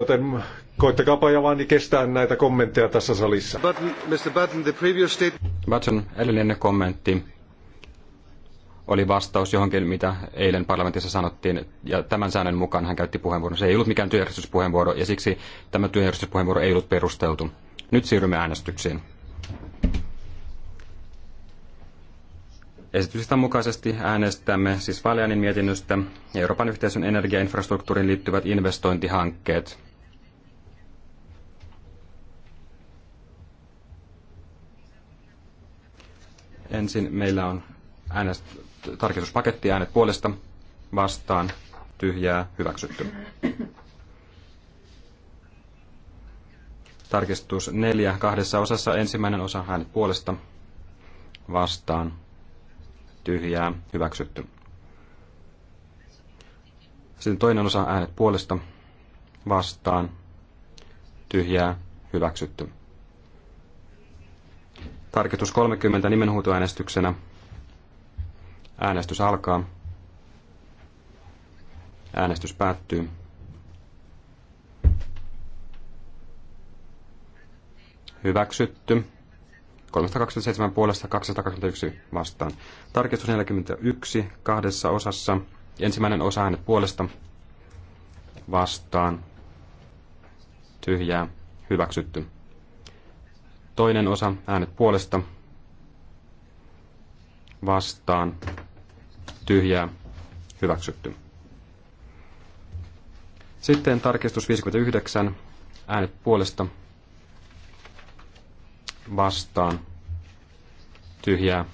Joten koittakaapa ja vaan kestää näitä kommentteja tässä salissa. Button, Mr. Button, the previous state... Button, edellinen kommentti oli vastaus johonkin, mitä eilen parlamentissa sanottiin, ja tämän säännön mukaan hän käytti puheenvuoron. Se ei ollut mikään työjärjestyspuheenvuoro, ja siksi tämä työjärjestyspuheenvuoro ei ollut perusteltu. Nyt siirrymme äänestyksiin. Esityksestä mukaisesti äänestämme siis Valianin mietinnöstä Euroopan yhteisön energiainfrastruktuuriin liittyvät investointihankkeet – Ensin meillä on äänest, tarkistuspaketti äänet puolesta vastaan tyhjää hyväksytty. Tarkistus neljä kahdessa osassa ensimmäinen osa äänet puolesta vastaan tyhjää hyväksytty. Sitten toinen osa äänet puolesta vastaan tyhjää hyväksytty. Tarkistus 30 nimenhuutoäänestyksenä. Äänestys alkaa. Äänestys päättyy. Hyväksytty. 327 puolesta 221 vastaan. Tarkistus 41 kahdessa osassa. Ensimmäinen osa äänet puolesta vastaan. Tyhjää. Hyväksytty. Toinen osa, äänet puolesta, vastaan, tyhjää, hyväksytty. Sitten tarkistus 59, äänet puolesta, vastaan, tyhjää,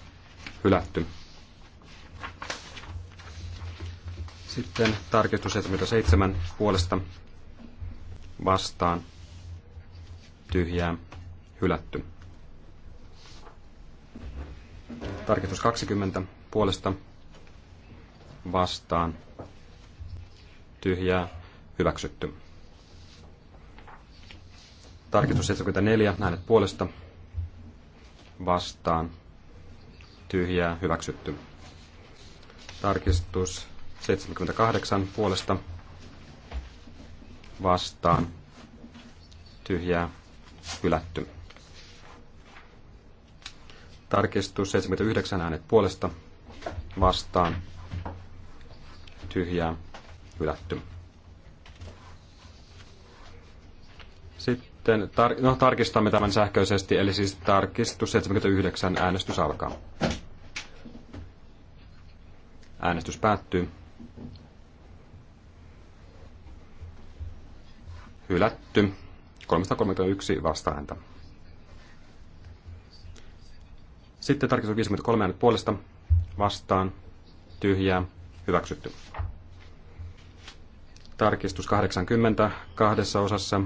hylätty. Sitten tarkistus 77 puolesta vastaan tyhjää hylätty. Tarkistus 20 puolesta vastaan tyhjää hyväksytty. Tarkistus 74 äänet puolesta vastaan tyhjää hyväksytty. Tarkistus 78 puolesta vastaan tyhjää hylätty. Tarkistus 79 äänet puolesta vastaan. Tyhjää hylätty. Sitten tar- no, tarkistamme tämän sähköisesti, eli siis tarkistus 79 äänestys alkaa. Äänestys päättyy. Hylätty. 331 vastaääntä. Sitten tarkistus 53 äänet puolesta vastaan tyhjää hyväksytty. Tarkistus 80 kahdessa osassa.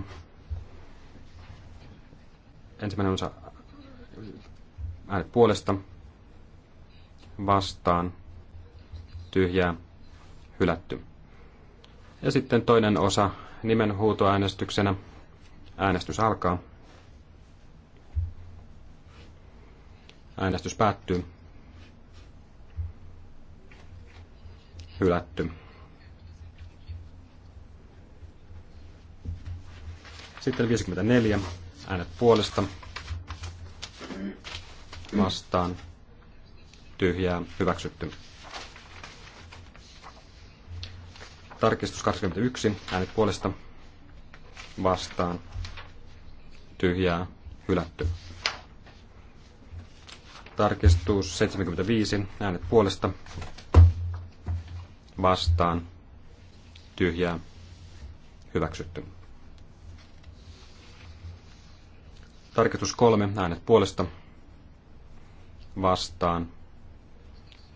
Ensimmäinen osa äänet puolesta vastaan tyhjää hylätty. Ja sitten toinen osa nimenhuutoäänestyksenä. Äänestys alkaa. Äänestys päättyy. Hylätty. Sitten 54. Äänet puolesta. Vastaan. Tyhjää. Hyväksytty. Tarkistus 21. Äänet puolesta. Vastaan. Tyhjää. Hylätty. Tarkistus 75, äänet puolesta. Vastaan. Tyhjää. Hyväksytty. Tarkistus 3, äänet puolesta. Vastaan.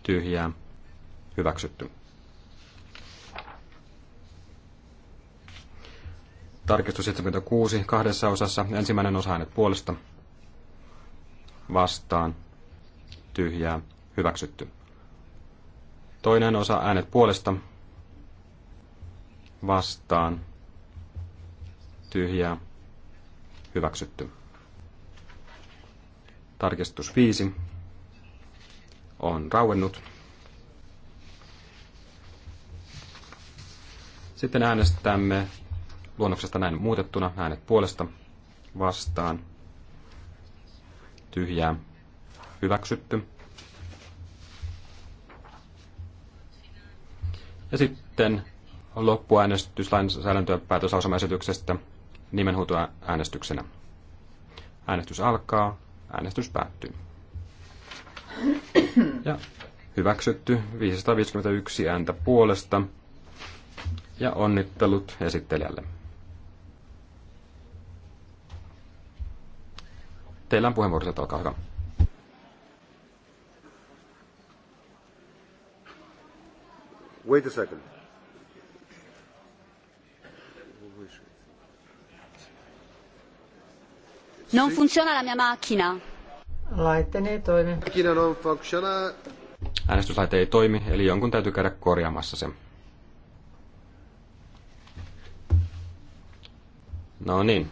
Tyhjää. Hyväksytty. Tarkistus 76, kahdessa osassa. Ensimmäinen osa äänet puolesta. Vastaan tyhjää, hyväksytty. Toinen osa äänet puolesta, vastaan, tyhjää, hyväksytty. Tarkistus 5 on rauennut. Sitten äänestämme luonnoksesta näin muutettuna äänet puolesta, vastaan, tyhjää, hyväksytty. Ja sitten loppuäänestys lainsäädäntöä päätöslausumaesityksestä äänestyksenä. Äänestys alkaa, äänestys päättyy. Ja hyväksytty 551 ääntä puolesta ja onnittelut esittelijälle. Teillä on puheenvuoro, olkaa hyvä. Wait a second. Non funziona la mia macchina. Laitteeni ei toimi. Macchina non funziona. Äänestyslaite ei toimi, eli jonkun täytyy käydä korjaamassa se. No niin.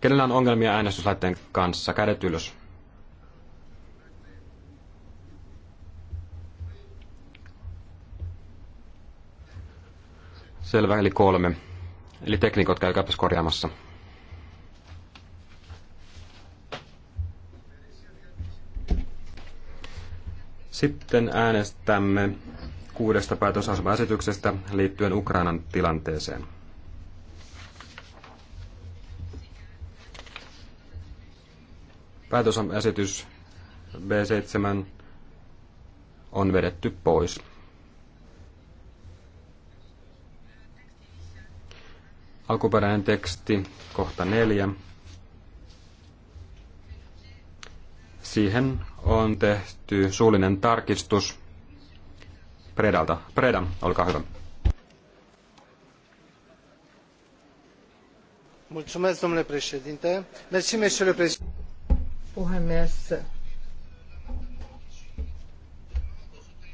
Kenellä on ongelmia äänestyslaitteen kanssa? Kädet ylös. Selvä, eli kolme. Eli teknikot käykääpäs korjaamassa. Sitten äänestämme kuudesta päätösasemaesityksestä liittyen Ukrainan tilanteeseen. Päätösesitys B7 on vedetty pois. Alkuperäinen teksti, kohta neljä. Siihen on tehty suullinen tarkistus Predalta. Preda, olkaa hyvä. Mulțumesc, domnule președinte. Mersi, messieurs președinte. Puhemies,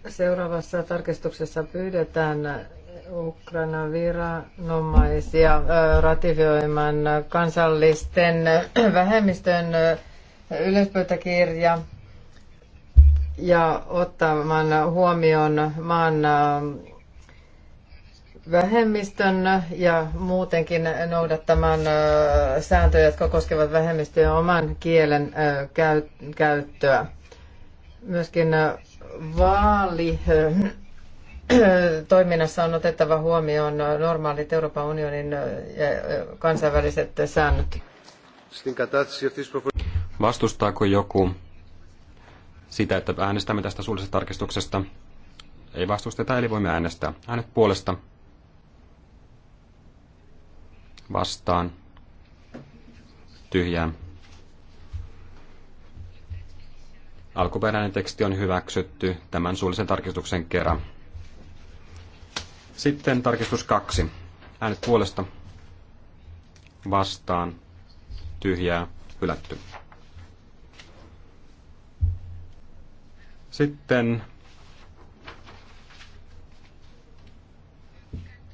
seuraavassa tarkistuksessa pyydetään Ukraina viranomaisia äh, ratifioiman kansallisten vähemmistön äh, yleispöytäkirja ja ottamaan huomioon maan äh, vähemmistön ja muutenkin noudattamaan sääntöjä, jotka koskevat vähemmistöjen oman kielen käyttöä. Myöskin vaali toiminnassa on otettava huomioon normaalit Euroopan unionin ja kansainväliset säännöt. Vastustaako joku sitä, että äänestämme tästä suullisesta tarkistuksesta? Ei vastusteta, eli voimme äänestää. Äänet puolesta. Vastaan. Tyhjää. Alkuperäinen teksti on hyväksytty tämän suullisen tarkistuksen kerran. Sitten tarkistus kaksi. Äänet puolesta vastaan tyhjää hylätty. Sitten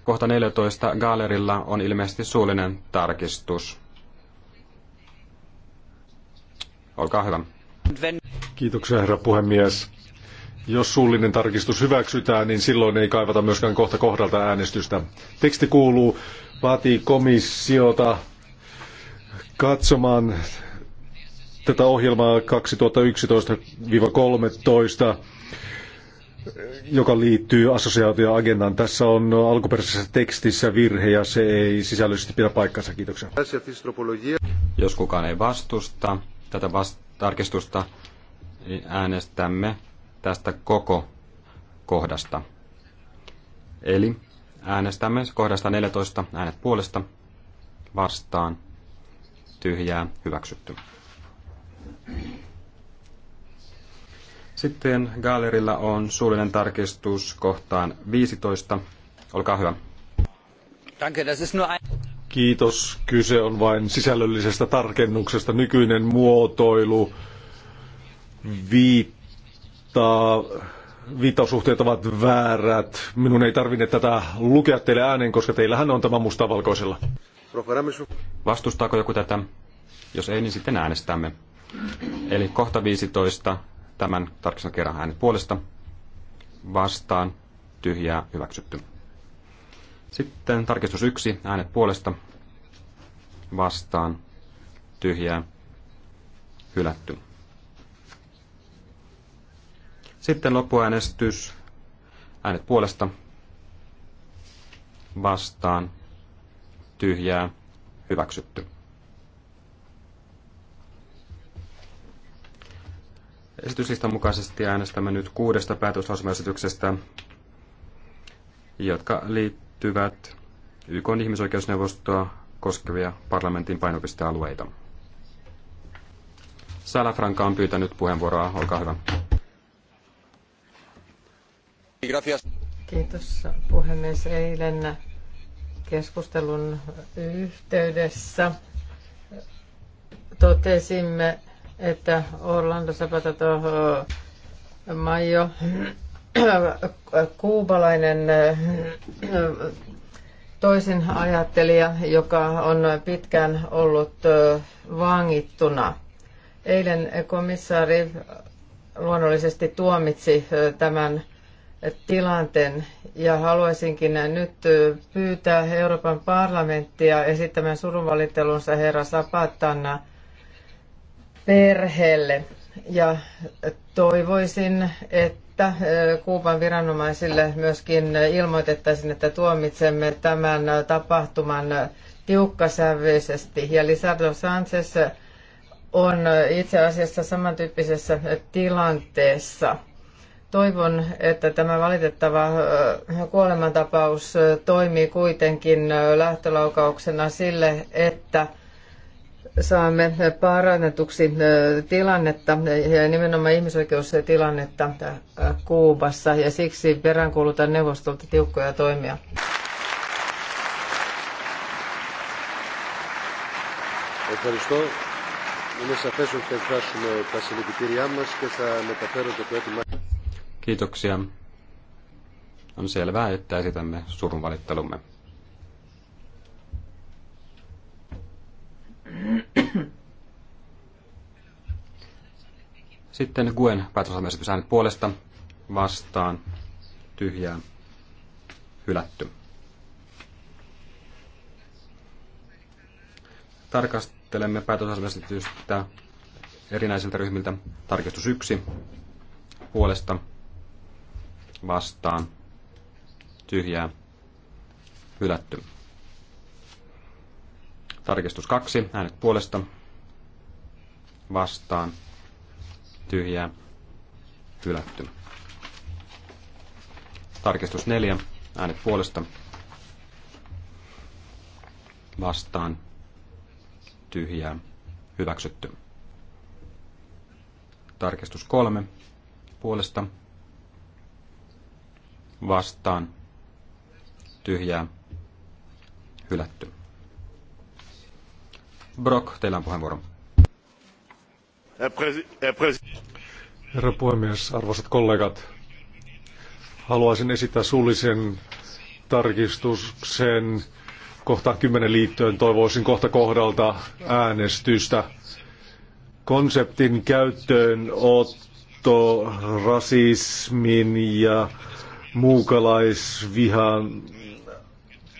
kohta 14 Gaalerilla on ilmeisesti suullinen tarkistus. Olkaa hyvä. Kiitoksia herra puhemies. Jos suullinen tarkistus hyväksytään, niin silloin ei kaivata myöskään kohta kohdalta äänestystä. Teksti kuuluu, vaatii komissiota katsomaan tätä ohjelmaa 2011-13 joka liittyy assosiaatioagendaan. Tässä on alkuperäisessä tekstissä virhe ja se ei sisällöllisesti pidä paikkansa. Kiitoksia. Jos kukaan ei vastusta tätä vast- tarkistusta, niin äänestämme tästä koko kohdasta. Eli äänestämme kohdasta 14 äänet puolesta vastaan tyhjää hyväksytty. Sitten Gallerilla on suullinen tarkistus kohtaan 15. Olkaa hyvä. Kiitos. Kyse on vain sisällöllisestä tarkennuksesta. Nykyinen muotoilu viittaa mutta viittaussuhteet ovat väärät. Minun ei tarvinne tätä lukea teille ääneen, koska teillähän on tämä musta valkoisella. Vastustaako joku tätä? Jos ei, niin sitten äänestämme. Eli kohta 15 tämän tarkistan kerran äänet puolesta. Vastaan. Tyhjää. Hyväksytty. Sitten tarkistus 1. Äänet puolesta. Vastaan. Tyhjää. Hylätty. Sitten loppuäänestys. Äänet puolesta. Vastaan. Tyhjää. Hyväksytty. Esityslistan mukaisesti äänestämme nyt kuudesta päätöslausumaesityksestä, jotka liittyvät YK ihmisoikeusneuvostoa koskevia parlamentin painopistealueita. Franka on pyytänyt puheenvuoroa, olkaa hyvä. Kiitos puhemies. Eilen keskustelun yhteydessä totesimme, että Orlando Zapatato Mayo, kuubalainen toisin ajattelija, joka on pitkään ollut vangittuna. Eilen komissaari luonnollisesti tuomitsi tämän tilanteen ja haluaisinkin nyt pyytää Euroopan parlamenttia esittämään surunvalittelunsa herra Zapatan perheelle ja toivoisin, että äh, Kuuban viranomaisille myöskin ilmoitettaisiin, että tuomitsemme tämän tapahtuman tiukkasävyisesti. Ja Lisardo Sanchez on itse asiassa samantyyppisessä tilanteessa – Toivon, että tämä valitettava kuolemantapaus toimii kuitenkin lähtölaukauksena sille, että saamme parannetuksi tilannetta ja nimenomaan ihmisoikeustilannetta Kuubassa ja siksi peräänkuulutan neuvostolta tiukkoja toimia. Ευχαριστώ. Είναι σαφές ότι θα εκφράσουμε τα συλληπιτήριά μας και θα μεταφέρω το Kiitoksia. On selvää, että esitämme surun valittelumme. Sitten Guen päätösasemaesitys äänet puolesta vastaan tyhjää hylätty. Tarkastelemme päätösasemaesitystä erinäisiltä ryhmiltä tarkistus 1 puolesta vastaan tyhjää hylätty. Tarkistus kaksi, äänet puolesta vastaan tyhjää hylätty. Tarkistus neljä, äänet puolesta vastaan tyhjää hyväksytty. Tarkistus kolme puolesta vastaan tyhjää hylätty. Brock, teillä on puheenvuoro. Herra puhemies, arvoisat kollegat, haluaisin esittää suullisen tarkistuksen kohta kymmenen liittyen. Toivoisin kohta kohdalta äänestystä. Konseptin otto rasismin ja muukalaisvihan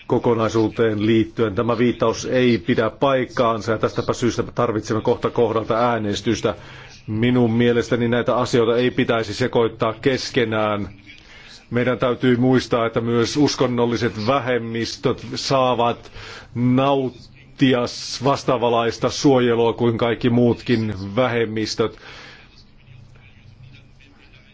kokonaisuuteen liittyen. Tämä viittaus ei pidä paikkaansa ja tästäpä syystä tarvitsemme kohta kohdalta äänestystä. Minun mielestäni näitä asioita ei pitäisi sekoittaa keskenään. Meidän täytyy muistaa, että myös uskonnolliset vähemmistöt saavat nauttia vastaavalaista suojelua kuin kaikki muutkin vähemmistöt.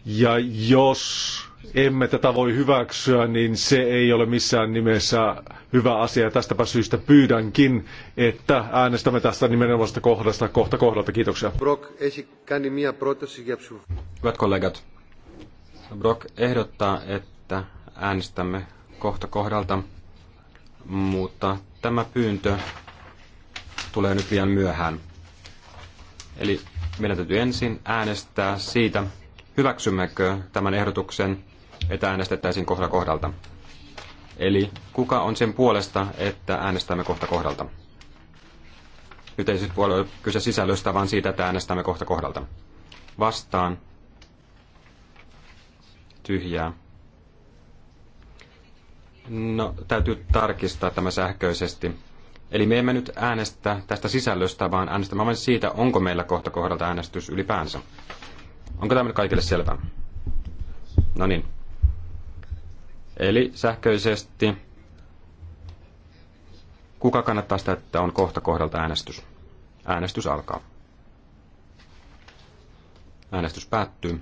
Ja jos emme tätä voi hyväksyä, niin se ei ole missään nimessä hyvä asia. Ja tästäpä syystä pyydänkin, että äänestämme tästä nimenomaisesta kohdasta kohta kohdalta. Kiitoksia. Brock, Hyvät kollegat, Brock ehdottaa, että äänestämme kohta kohdalta, mutta tämä pyyntö tulee nyt liian myöhään. Eli meidän täytyy ensin äänestää siitä, hyväksymmekö tämän ehdotuksen että äänestettäisiin kohta kohdalta. Eli kuka on sen puolesta, että äänestämme kohta kohdalta? Nyt ei siis ole kyse sisällöstä, vaan siitä, että äänestämme kohta kohdalta. Vastaan. Tyhjää. No, täytyy tarkistaa tämä sähköisesti. Eli me emme nyt äänestä tästä sisällöstä, vaan äänestämme vain siitä, onko meillä kohta kohdalta äänestys ylipäänsä. Onko tämä nyt kaikille selvää? No niin. Eli sähköisesti kuka kannattaa sitä, että on kohta kohdalta äänestys? Äänestys alkaa. Äänestys päättyy.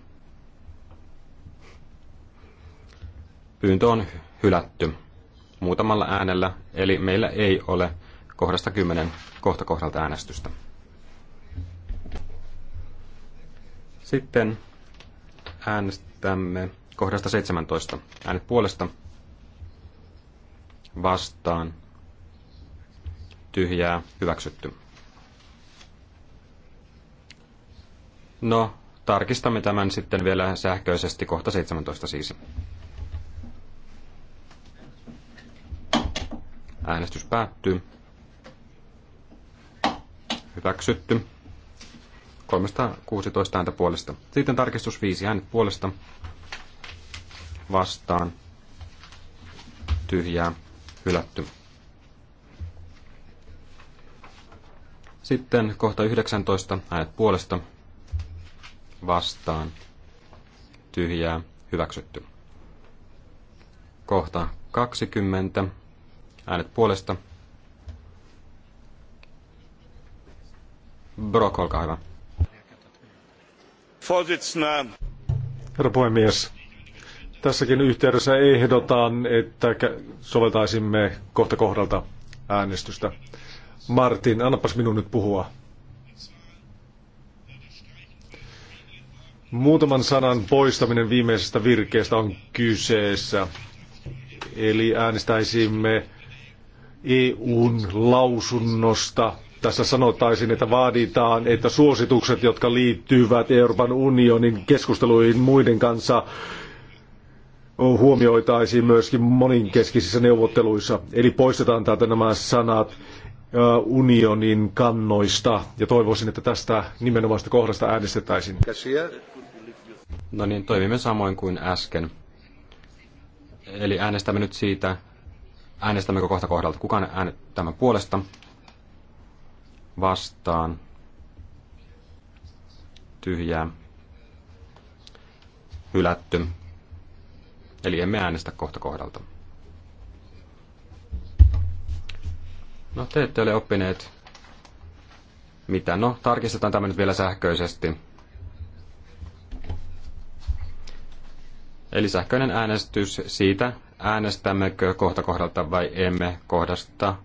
Pyyntö on hylätty muutamalla äänellä, eli meillä ei ole kohdasta 10 kohta kohdalta äänestystä. Sitten äänestämme kohdasta 17. Äänet puolesta vastaan tyhjää hyväksytty. No, tarkistamme tämän sitten vielä sähköisesti kohta 17 siis. Äänestys päättyy. Hyväksytty. 316 ääntä puolesta. Sitten tarkistus 5 äänet puolesta vastaan tyhjää hylätty. Sitten kohta 19 äänet puolesta vastaan tyhjää hyväksytty. Kohta 20 äänet puolesta Brock, olkaa hyvä. Herra puhemies, Tässäkin yhteydessä ehdotan, että soveltaisimme kohta kohdalta äänestystä. Martin, annapas minun nyt puhua. Muutaman sanan poistaminen viimeisestä virkeestä on kyseessä. Eli äänestäisimme EUn lausunnosta. Tässä sanotaisin, että vaaditaan, että suositukset, jotka liittyvät Euroopan unionin keskusteluihin muiden kanssa, huomioitaisiin myöskin moninkeskisissä neuvotteluissa. Eli poistetaan täältä nämä sanat unionin kannoista ja toivoisin, että tästä nimenomaista kohdasta äänestettäisiin. No niin, toimimme samoin kuin äsken. Eli äänestämme nyt siitä, äänestämmekö kohta kohdalta. Kukaan tämän puolesta? Vastaan. Tyhjää. Hylätty. Eli emme äänestä kohta kohdalta. No te ette ole oppineet mitä. No tarkistetaan tämä nyt vielä sähköisesti. Eli sähköinen äänestys siitä, äänestämmekö kohta kohdalta vai emme kohdasta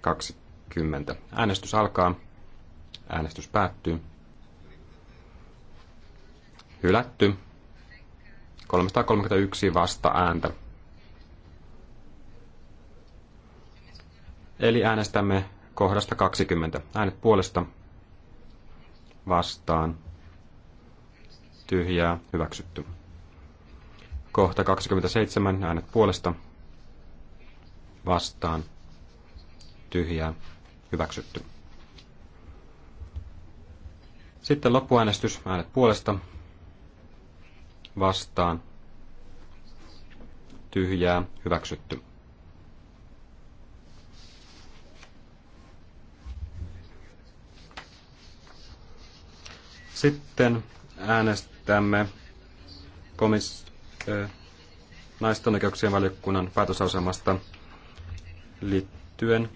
20. Äänestys alkaa. Äänestys päättyy. Hylätty. 331 vasta-ääntä. Eli äänestämme kohdasta 20. Äänet puolesta vastaan. Tyhjää hyväksytty. Kohta 27. Äänet puolesta vastaan. Tyhjää hyväksytty. Sitten loppuäänestys. Äänet puolesta vastaan tyhjää hyväksytty. Sitten äänestämme komis, äh, naisten oikeuksien valiokunnan päätösasemasta liittyen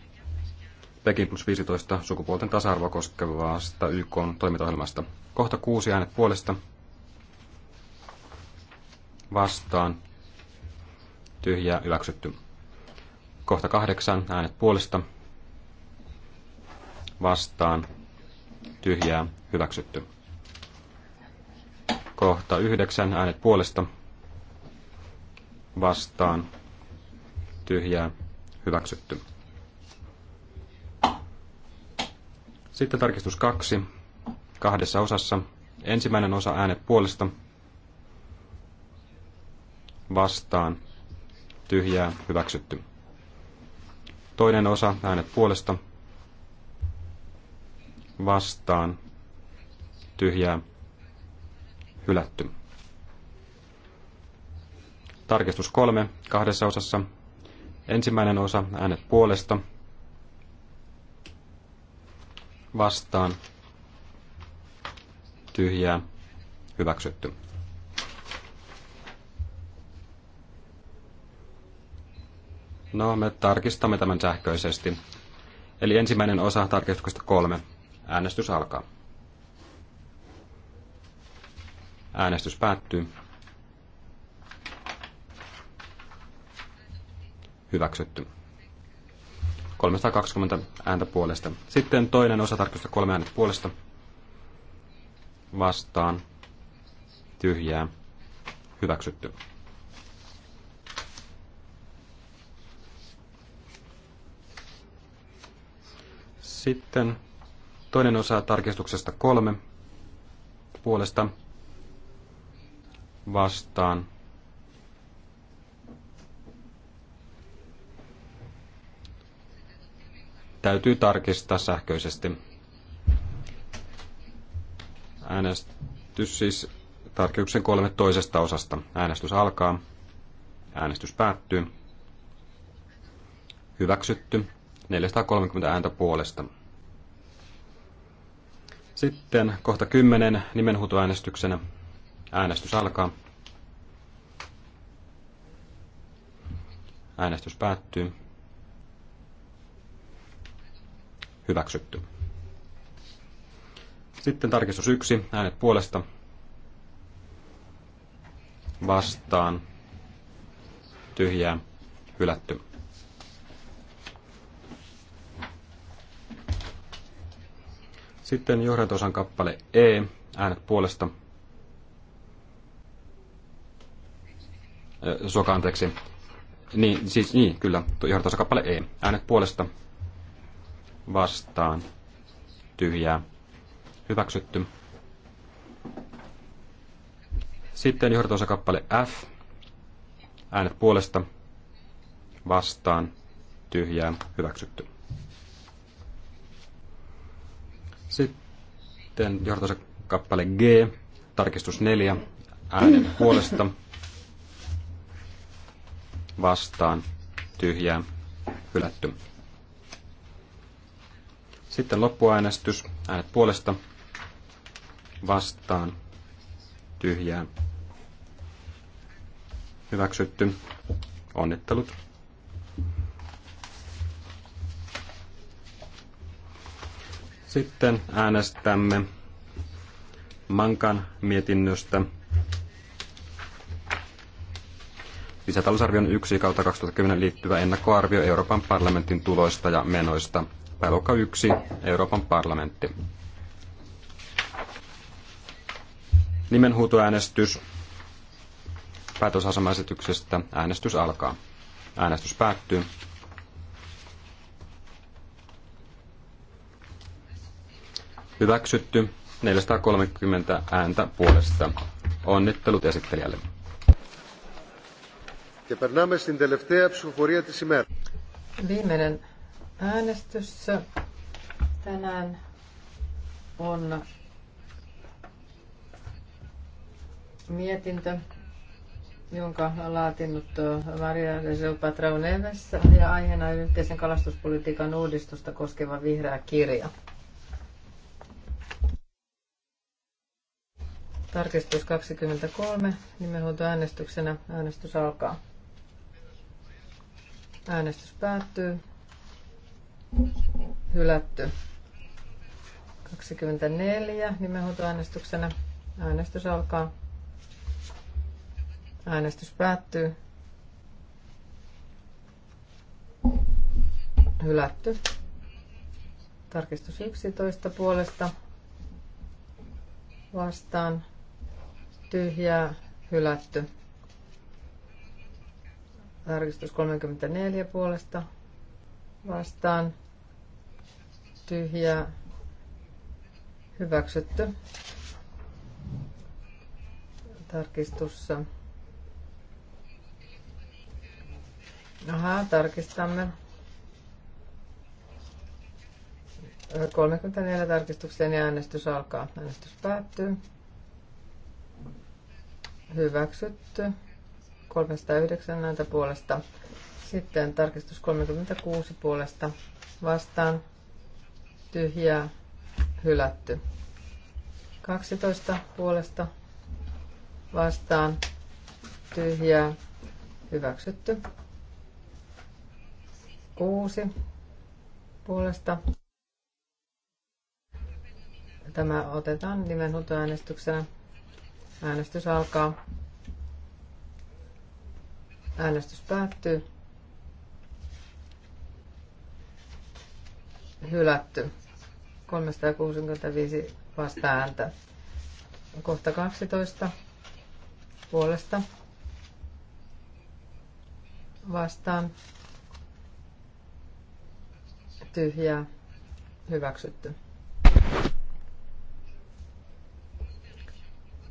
Pekin plus 15 sukupuolten tasa-arvoa koskevasta YK toimintaohjelmasta. Kohta kuusi äänet puolesta vastaan, tyhjää hyväksytty. Kohta kahdeksan äänet puolesta vastaan, tyhjää hyväksytty. Kohta yhdeksän äänet puolesta vastaan, tyhjää hyväksytty. Sitten tarkistus kaksi kahdessa osassa. Ensimmäinen osa äänet puolesta vastaan, tyhjää, hyväksytty. Toinen osa, äänet puolesta, vastaan, tyhjää, hylätty. Tarkistus kolme, kahdessa osassa. Ensimmäinen osa, äänet puolesta, vastaan, tyhjää, hyväksytty. No, me tarkistamme tämän sähköisesti. Eli ensimmäinen osa tarkistuksesta kolme. Äänestys alkaa. Äänestys päättyy. Hyväksytty. 320 ääntä puolesta. Sitten toinen osa tarkistusta kolme ääntä puolesta. Vastaan. Tyhjää. Hyväksytty. Sitten toinen osa tarkistuksesta kolme puolesta vastaan. Täytyy tarkistaa sähköisesti. Äänestys siis tarkistuksen kolme toisesta osasta. Äänestys alkaa. Äänestys päättyy. Hyväksytty. 430 ääntä puolesta. Sitten kohta 10 nimenhuutoäänestyksenä. Äänestys alkaa. Äänestys päättyy. Hyväksytty. Sitten tarkistus 1. Äänet puolesta. Vastaan. Tyhjää. Hylätty. Sitten johdantosan kappale E, äänet puolesta. Soka, anteeksi. Niin, siis niin, kyllä, johdantosan kappale E, äänet puolesta. Vastaan. Tyhjää. Hyväksytty. Sitten johdantosan kappale F, äänet puolesta. Vastaan. Tyhjää. Hyväksytty. Sitten johtonsa kappale G, tarkistus 4, äänen puolesta vastaan tyhjää hylätty. Sitten loppuäänestys, äänet puolesta vastaan tyhjää hyväksytty. Onnittelut. Sitten äänestämme Mankan mietinnöstä lisätalousarvion 1 kautta 2010 liittyvä ennakkoarvio Euroopan parlamentin tuloista ja menoista. Pääluokka 1, Euroopan parlamentti. Nimenhuutoäänestys päätösasemaisetyksestä. Äänestys alkaa. Äänestys päättyy. Hyväksytty 430 ääntä puolesta. Onnittelut esittelijälle. Viimeinen äänestyssä tänään on mietintö, jonka on laatinut Maria Reselpa Trauneves ja aiheena yhteisen kalastuspolitiikan uudistusta koskeva vihreä kirja. Tarkistus 23, nimenhuoltoäänestyksenä. Äänestys alkaa. Äänestys päättyy. Hylätty. 24, nimenhuoltoäänestyksenä. Äänestys alkaa. Äänestys päättyy. Hylätty. Tarkistus 11 puolesta vastaan tyhjää, hylätty. Tarkistus 34 puolesta vastaan, tyhjää, hyväksytty. Tarkistussa. Ahaa, tarkistamme. 34 tarkistuksen ja äänestys alkaa. Äänestys päättyy hyväksytty. 309 näiltä puolesta. Sitten tarkistus 36 puolesta vastaan. Tyhjää hylätty. 12 puolesta vastaan. Tyhjää hyväksytty. 6 puolesta. Tämä otetaan nimenhuutoäänestyksenä. Äänestys alkaa. Äänestys päättyy. Hylätty. 365 vasta ääntä. Kohta 12 puolesta vastaan tyhjää hyväksytty.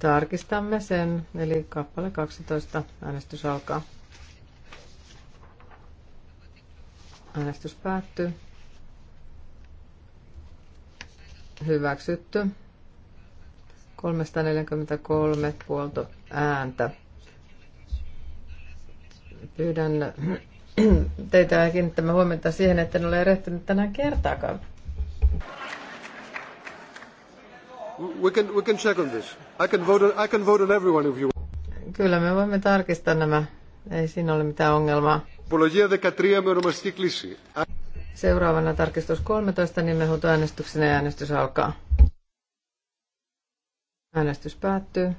Tarkistamme sen, eli kappale 12 äänestys alkaa. Äänestys päättyy. Hyväksytty. 343 puolto ääntä. Pyydän teitä kiinnittämään huomiota siihen, että en ole erehtynyt tänään kertaakaan We can, we can check on this. I can vote on, I can vote on everyone if you want. Kyllä me voimme tarkistaa nämä. Ei siinä ole mitään ongelmaa. Apologia 13 me onomasti klisi. Seuraavana tarkistus 13 nimenhuutoäänestyksen niin ja äänestys alkaa. Äänestys päättyy.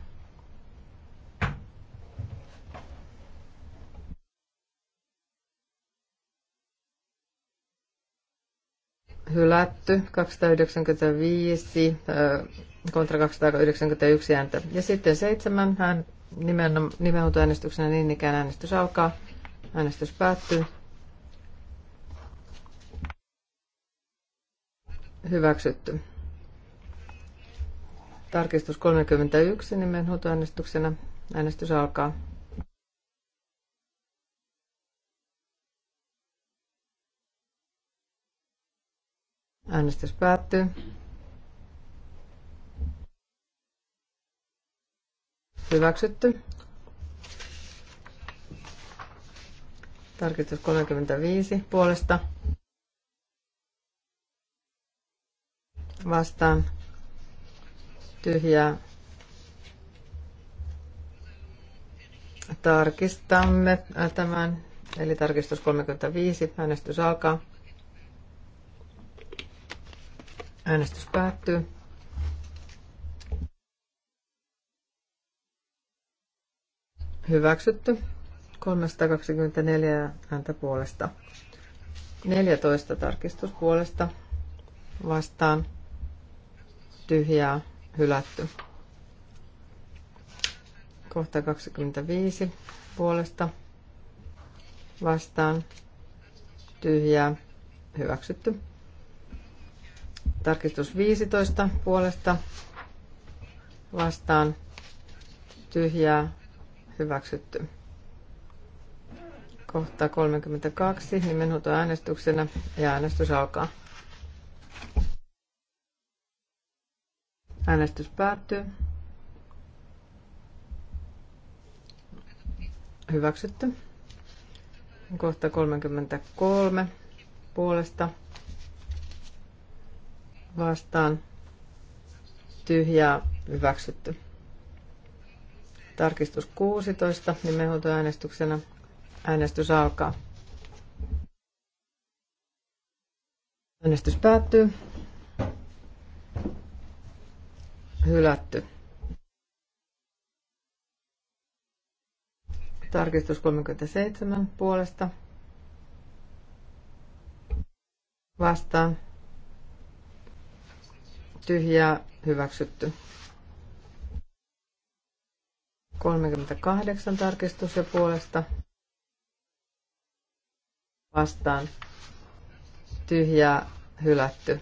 Hylätty 295 kontra 291 ääntä. Ja sitten seitsemän hän nimenomaan äänestyksenä niin ikään äänestys alkaa. Äänestys päättyy. Hyväksytty. Tarkistus 31 nimenhuutoäänestyksenä. Äänestys alkaa. Äänestys päättyy. Hyväksytty. Tarkistus 35 puolesta. Vastaan. Tyhjää. Tarkistamme äh, tämän. Eli tarkistus 35. Äänestys alkaa. Äänestys päättyy. Hyväksytty. 324 ääntä puolesta. 14 tarkistus puolesta vastaan tyhjää hylätty. Kohta 25 puolesta vastaan tyhjää hyväksytty. Tarkistus 15 puolesta vastaan tyhjää hyväksytty. Kohta 32 nimenhuuto äänestyksenä ja äänestys alkaa. Äänestys päättyy. Hyväksytty. Kohta 33 puolesta vastaan tyhjää hyväksytty. Tarkistus 16, nimenhuoltoäänestyksenä. Äänestys alkaa. Äänestys päättyy. Hylätty. Tarkistus 37 puolesta. Vastaan. Tyhjää hyväksytty. 38 tarkistus ja puolesta vastaan tyhjää hylätty.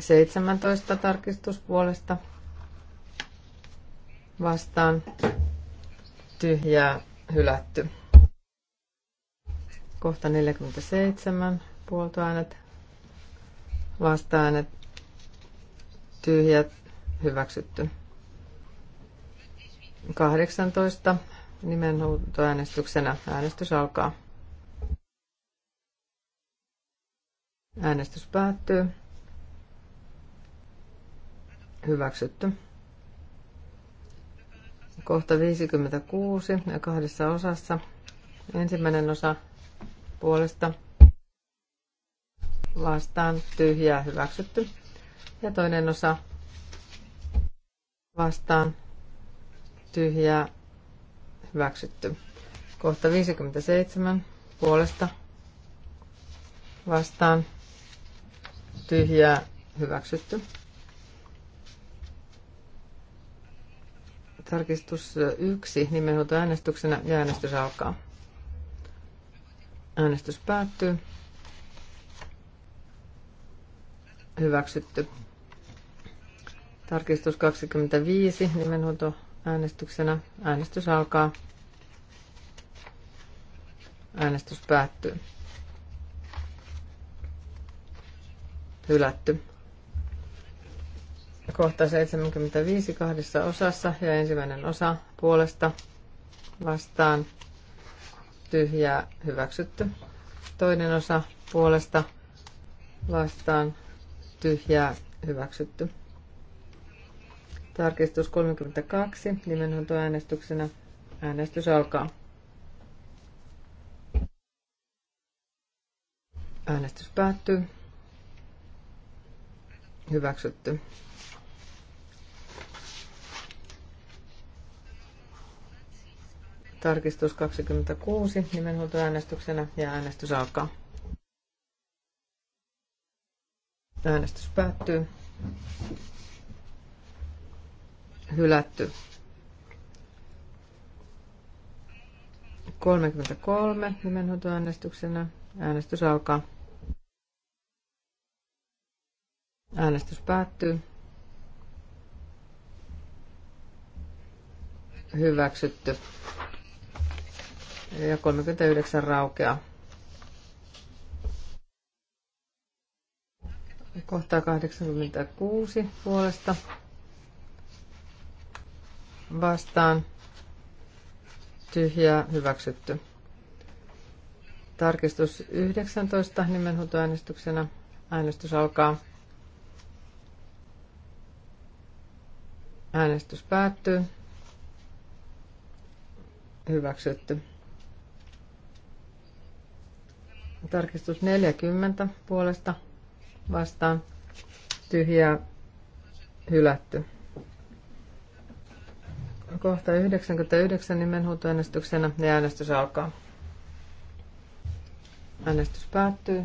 17 tarkistuspuolesta vastaan tyhjää hylätty. Kohta 47 puoltoäänet vastaäänet tyhjät hyväksytty. 18 nimenhuutoäänestyksenä. Äänestys alkaa. Äänestys päättyy. Hyväksytty. Kohta 56 ja kahdessa osassa. Ensimmäinen osa puolesta vastaan tyhjää hyväksytty. Ja toinen osa vastaan tyhjää hyväksytty. Kohta 57 puolesta vastaan tyhjää hyväksytty. Tarkistus 1 nimenhuolto äänestyksenä ja äänestys alkaa. Äänestys päättyy. Hyväksytty. Tarkistus 25 nimenhuolto äänestyksenä. Äänestys alkaa. Äänestys päättyy. Hylätty. Kohta 75 kahdessa osassa ja ensimmäinen osa puolesta vastaan tyhjää hyväksytty. Toinen osa puolesta vastaan tyhjää hyväksytty. Tarkistus 32, nimenhuoltoäänestyksenä. Äänestys alkaa. Äänestys päättyy. Hyväksytty. Tarkistus 26 nimenhuoltoäänestyksenä ja äänestys alkaa. Äänestys päättyy hylätty. 33 nimenhoitoäänestyksenä. Äänestys alkaa. Äänestys päättyy. Hyväksytty. Ja 39 raukeaa. Kohtaa 86 puolesta vastaan tyhjää hyväksytty. Tarkistus 19 nimenhuutoäänestyksenä. Äänestys alkaa. Äänestys päättyy. Hyväksytty. Tarkistus 40 puolesta vastaan. Tyhjää hylätty kohta 99 nimenhuutoäänestyksenä ja äänestys alkaa. Äänestys päättyy.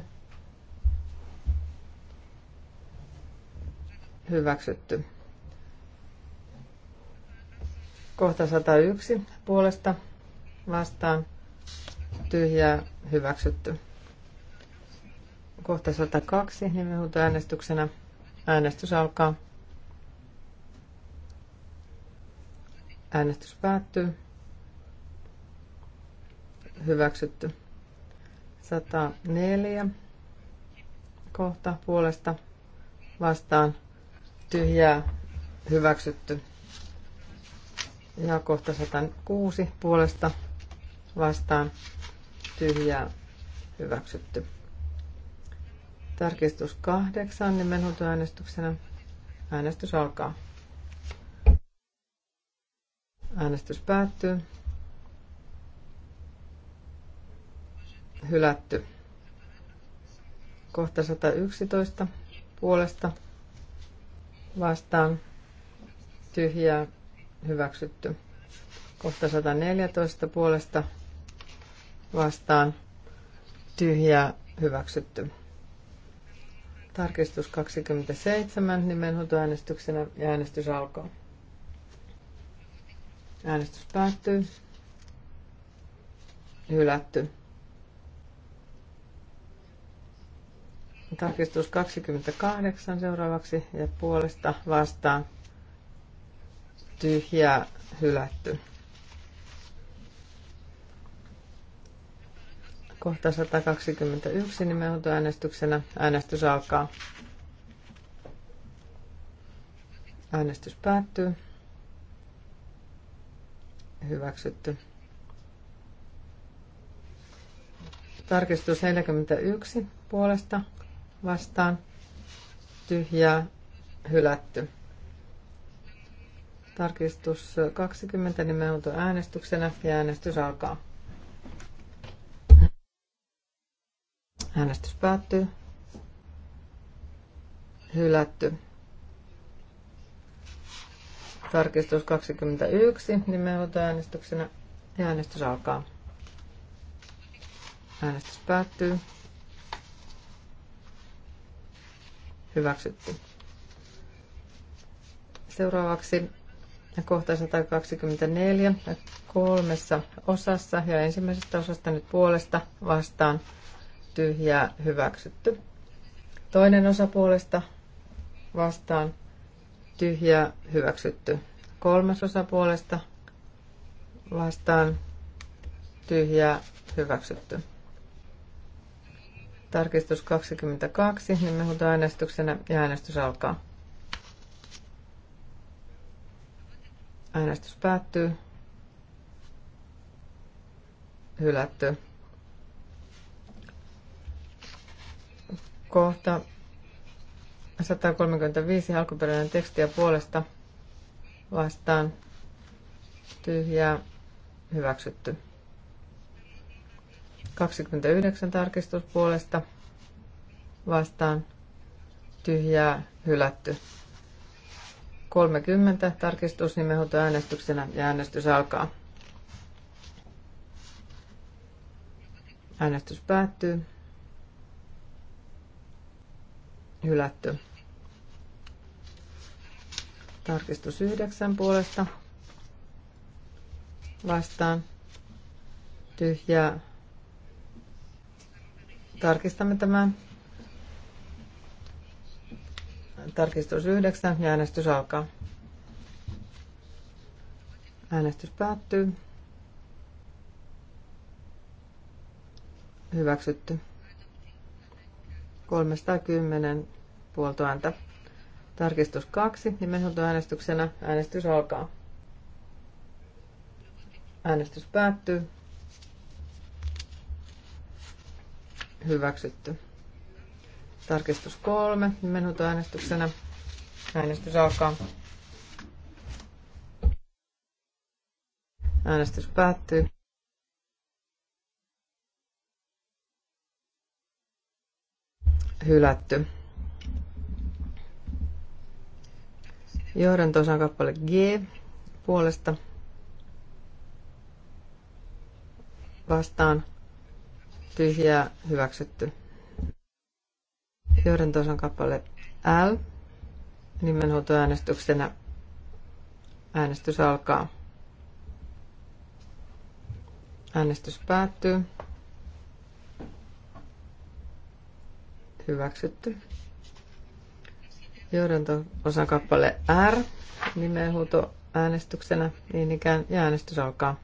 Hyväksytty. Kohta 101 puolesta vastaan tyhjää hyväksytty. Kohta 102 nimenhuutoäänestyksenä äänestys alkaa. Äänestys päättyy. Hyväksytty. 104 kohta puolesta vastaan tyhjää hyväksytty. Ja kohta 106 puolesta vastaan tyhjää hyväksytty. Tarkistus kahdeksan nimenhuutoäänestyksenä. Äänestys alkaa. Äänestys päättyy. Hylätty. Kohta 111 puolesta vastaan tyhjää hyväksytty. Kohta 114 puolesta vastaan tyhjää hyväksytty. Tarkistus 27 nimenhuutoäänestyksenä ja äänestys alkaa. Äänestys päättyy. Hylätty. Tarkistus 28 seuraavaksi ja puolesta vastaan tyhjää hylätty. Kohta 121 nimenhuutoäänestyksenä. Äänestys alkaa. Äänestys päättyy hyväksytty. Tarkistus 41 puolesta vastaan tyhjää hylätty. Tarkistus 20 nimenhuuto äänestyksenä ja äänestys alkaa. Äänestys päättyy. Hylätty. Tarkistus 21 nimenhuutoäänestyksenä. Ja äänestys alkaa. Äänestys päättyy. Hyväksytty. Seuraavaksi kohta 124 kolmessa osassa ja ensimmäisestä osasta nyt puolesta vastaan tyhjää hyväksytty. Toinen osa puolesta vastaan tyhjä hyväksytty. kolmasosa puolesta vastaan tyhjä hyväksytty. Tarkistus 22, niin huutaan äänestyksenä ja äänestys alkaa. Äänestys päättyy. Hylätty. Kohta 135 alkuperäinen tekstiä puolesta vastaan tyhjää hyväksytty. 29 tarkistus puolesta vastaan tyhjää hylätty. 30 tarkistus äänestyksenä ja äänestys alkaa. Äänestys päättyy. hylätty. Tarkistus yhdeksän puolesta vastaan tyhjää. Tarkistamme tämän. Tarkistus yhdeksän ja äänestys alkaa. Äänestys päättyy. Hyväksytty. 310 ääntä. Tarkistus 2. äänestyksenä. äänestys alkaa. Äänestys päättyy. Hyväksytty. Tarkistus 3. äänestyksenä. äänestys alkaa. Äänestys päättyy. hylätty. Johdantosan kappale G puolesta vastaan tyhjää hyväksytty. Johdantosan kappale L nimenhuoltoäänestyksenä äänestys alkaa. Äänestys päättyy. hyväksytty. Johdanto-osan kappale R, nimenhuuto äänestyksenä, niin ikään, ja äänestys alkaa.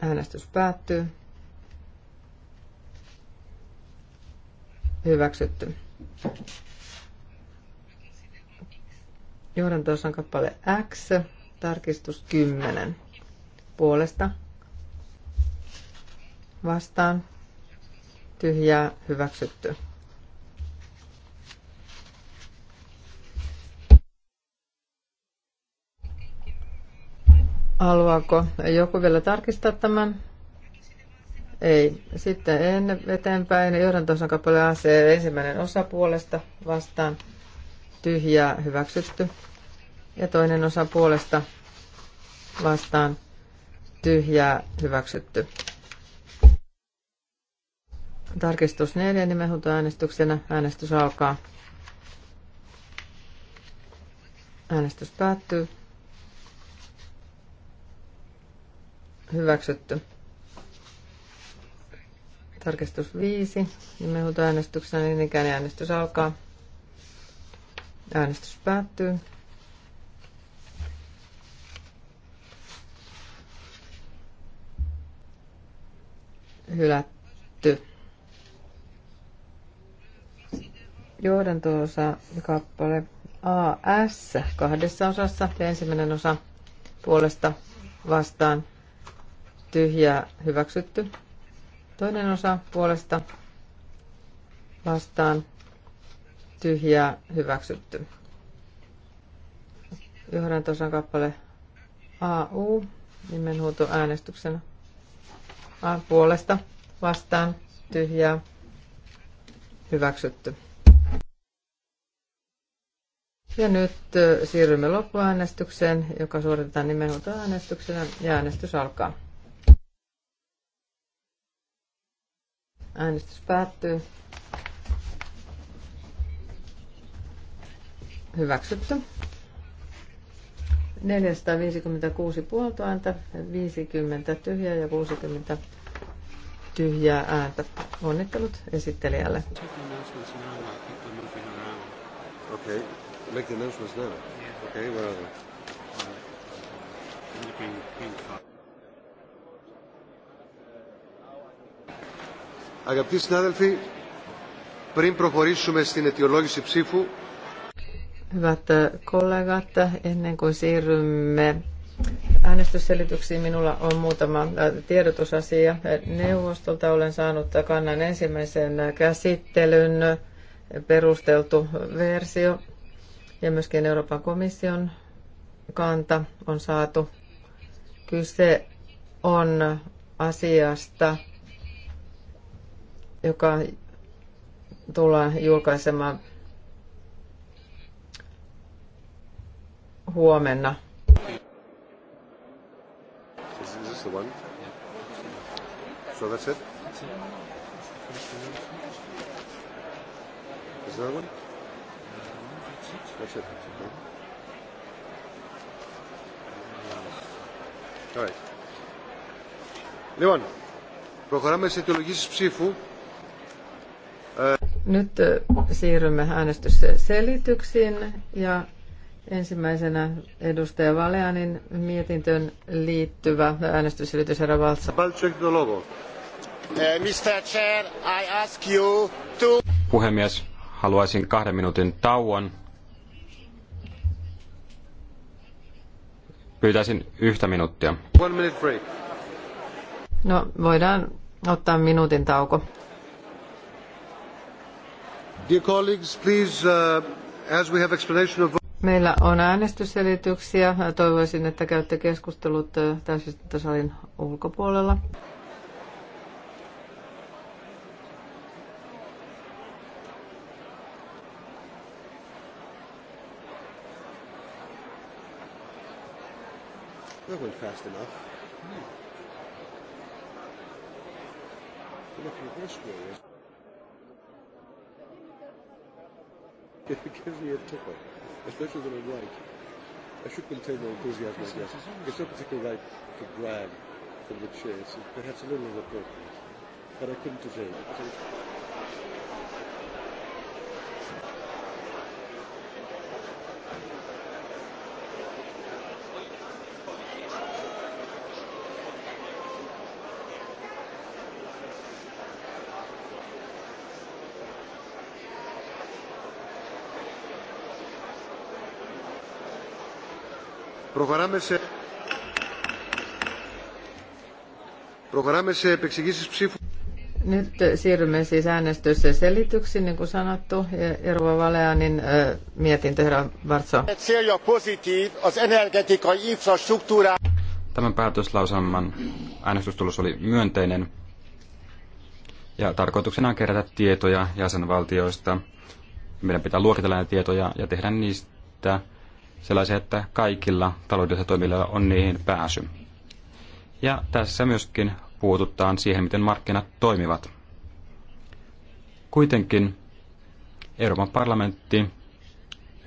Äänestys päättyy. Hyväksytty. Johdanto-osan kappale X, tarkistus 10. Puolesta vastaan tyhjää hyväksytty. Haluaako joku vielä tarkistaa tämän? Ei. Sitten en, eteenpäin. Johdantosan kappale AC ensimmäinen osa puolesta vastaan tyhjää hyväksytty. Ja toinen osa puolesta vastaan tyhjää hyväksytty. Tarkistus 4 äänestyksenä. Äänestys alkaa. Äänestys päättyy. Hyväksytty. Tarkistus 5. äänestyksenä. niin ikään äänestys alkaa. Äänestys päättyy. Hylätty. johdantoosa kappale AS kahdessa osassa. Ja ensimmäinen osa puolesta vastaan tyhjää hyväksytty. Toinen osa puolesta vastaan tyhjää hyväksytty. Johdantosan kappale AU nimenhuuto äänestyksenä. A puolesta vastaan tyhjää hyväksytty. Ja nyt siirrymme loppuäänestykseen, joka suoritetaan äänestyksenä ja äänestys alkaa. Äänestys päättyy. Hyväksytty. 456 puoltoääntä, 50 tyhjää ja 60 tyhjää ääntä. Onnittelut esittelijälle. Okay make the announcements now? Yeah. Okay, where are they? Αγαπητοί συνάδελφοι, πριν προχωρήσουμε στην αιτιολόγηση ψήφου... Hyvät kollegat, ennen kuin siirrymme äänestysselityksiin, minulla on muutama tiedotusasia. Neuvostolta olen saanut kannan ensimmäisen käsittelyn perusteltu versio ja myöskin Euroopan komission kanta on saatu. Kyse on asiasta, joka tullaan julkaisemaan huomenna. So that's it? Is there one? All right. Λοιπόν, προχωράμε σε ψήφου. Nyt siirrymme äänestysselityksiin ja ensimmäisenä edustaja Valeanin mietintöön liittyvä äänestysselitys herra Valtsa. Uh, Mr. I ask you to... Puhemies, haluaisin kahden minuutin tauon Pyytäisin yhtä minuuttia. One minute break. No, voidaan ottaa minuutin tauko. Dear colleagues, please, uh, as we have explanation of... Meillä on äänestysselityksiä. Toivoisin, että käytte keskustelut uh, täysistuntosalin ulkopuolella. That went fast enough. Hmm. Look at this way. It gives me a tickle, especially when I'm right. I should contain my enthusiasm, I guess. It's not particularly right to brag from the chair, so perhaps a little inappropriate. But I couldn't today. Προχωράμε σε... Προχωράμε ψήφου. Nyt siirrymme siis äänestysselityksiin, niin kuin sanottu, Irva Valeanin mietintö, herra Vartso. Tämän päätöslauselman äänestystulos oli myönteinen ja tarkoituksena on kerätä tietoja jäsenvaltioista. Meidän pitää luokitella näitä tietoja ja tehdä niistä sellaisia, että kaikilla taloudellisilla toimijoilla on niihin pääsy. Ja tässä myöskin puututaan siihen, miten markkinat toimivat. Kuitenkin Euroopan parlamentti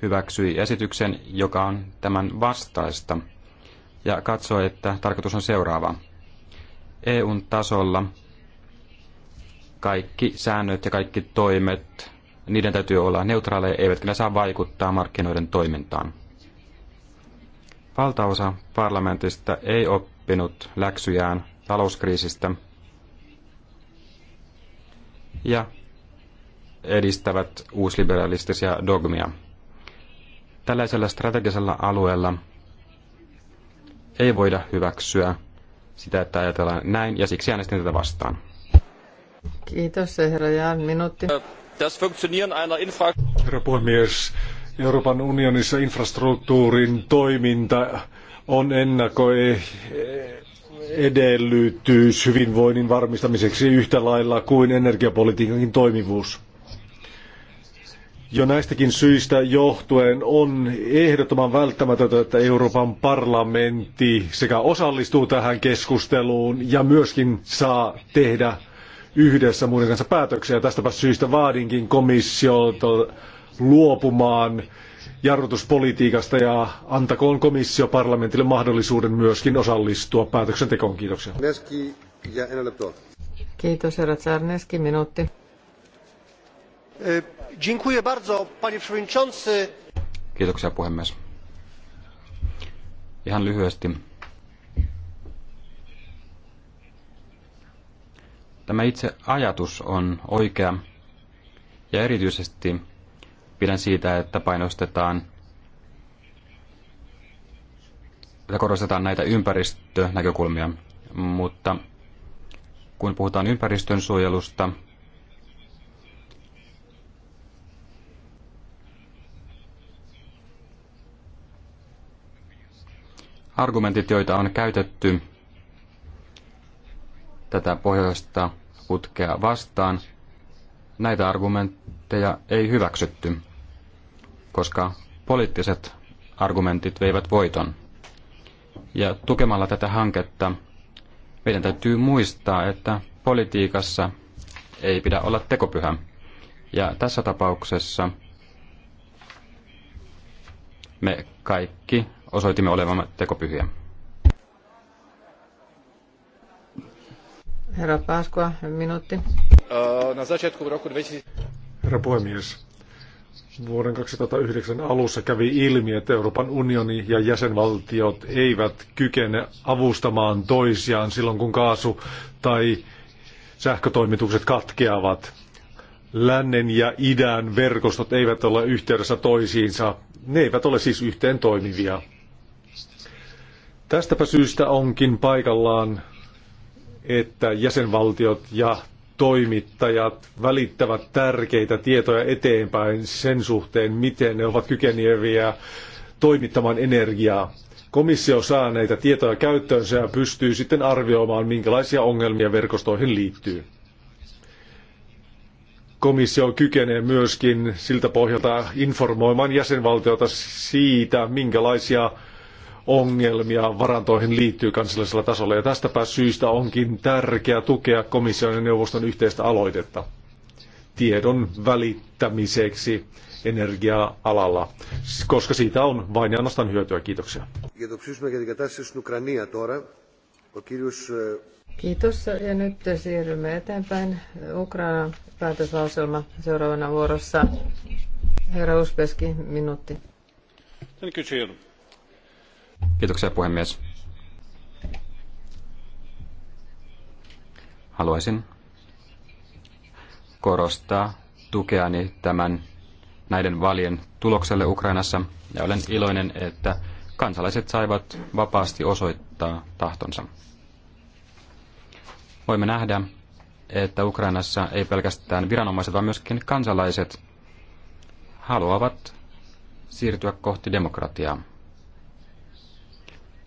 hyväksyi esityksen, joka on tämän vastaista, ja katsoi, että tarkoitus on seuraava. EUn tasolla kaikki säännöt ja kaikki toimet, niiden täytyy olla neutraaleja, eivätkä ne saa vaikuttaa markkinoiden toimintaan. Valtaosa parlamentista ei oppinut läksyjään talouskriisistä ja edistävät uusliberalistisia dogmia. Tällaisella strategisella alueella ei voida hyväksyä sitä, että ajatellaan näin, ja siksi äänestin tätä vastaan. Kiitos, herra Jaan. Minuutti. Äh, das Herra puhemies, Euroopan unionissa infrastruktuurin toiminta on ennakoi edellytys hyvinvoinnin varmistamiseksi yhtä lailla kuin energiapolitiikankin toimivuus. Jo näistäkin syistä johtuen on ehdottoman välttämätöntä, että Euroopan parlamentti sekä osallistuu tähän keskusteluun ja myöskin saa tehdä yhdessä muiden kanssa päätöksiä. Tästäpä syystä vaadinkin komissiolta luopumaan jarrutuspolitiikasta ja antakoon komissio parlamentille mahdollisuuden myöskin osallistua päätöksentekoon. Kiitoksia. Kiitos, herra Czarneski. Minuutti. E, Kiitoksia, puhemies. Ihan lyhyesti. Tämä itse ajatus on oikea ja erityisesti Pidän siitä, että painostetaan että korostetaan näitä ympäristönäkökulmia, mutta kun puhutaan ympäristön suojelusta, argumentit, joita on käytetty tätä pohjoista putkea vastaan, näitä argumentteja ei hyväksytty koska poliittiset argumentit veivät voiton. Ja tukemalla tätä hanketta meidän täytyy muistaa, että politiikassa ei pidä olla tekopyhä. Ja tässä tapauksessa me kaikki osoitimme olevamme tekopyhiä. Herra Paskua, minuutti. Herra puhemies, Vuoden 2009 alussa kävi ilmi, että Euroopan unioni ja jäsenvaltiot eivät kykene avustamaan toisiaan silloin, kun kaasu tai sähkötoimitukset katkeavat. Lännen ja idän verkostot eivät ole yhteydessä toisiinsa. Ne eivät ole siis yhteen toimivia. Tästäpä syystä onkin paikallaan, että jäsenvaltiot ja toimittajat välittävät tärkeitä tietoja eteenpäin sen suhteen, miten ne ovat kykeneviä toimittamaan energiaa. Komissio saa näitä tietoja käyttöönsä ja pystyy sitten arvioimaan, minkälaisia ongelmia verkostoihin liittyy. Komissio kykenee myöskin siltä pohjalta informoimaan jäsenvaltiota siitä, minkälaisia ongelmia varantoihin liittyy kansallisella tasolla, ja tästäpä syystä onkin tärkeää tukea komission ja neuvoston yhteistä aloitetta tiedon välittämiseksi energia-alalla, koska siitä on vain ja ainoastaan hyötyä. Kiitoksia. E- Kiitos. Ja nyt siirrymme eteenpäin. Ukraina päätöslauselma seuraavana vuorossa. Herra Uspeski, minuutti. Thank you, Kiitoksia puhemies. Haluaisin korostaa tukeani tämän näiden valien tulokselle Ukrainassa ja olen iloinen, että kansalaiset saivat vapaasti osoittaa tahtonsa. Voimme nähdä, että Ukrainassa ei pelkästään viranomaiset, vaan myöskin kansalaiset haluavat siirtyä kohti demokratiaa.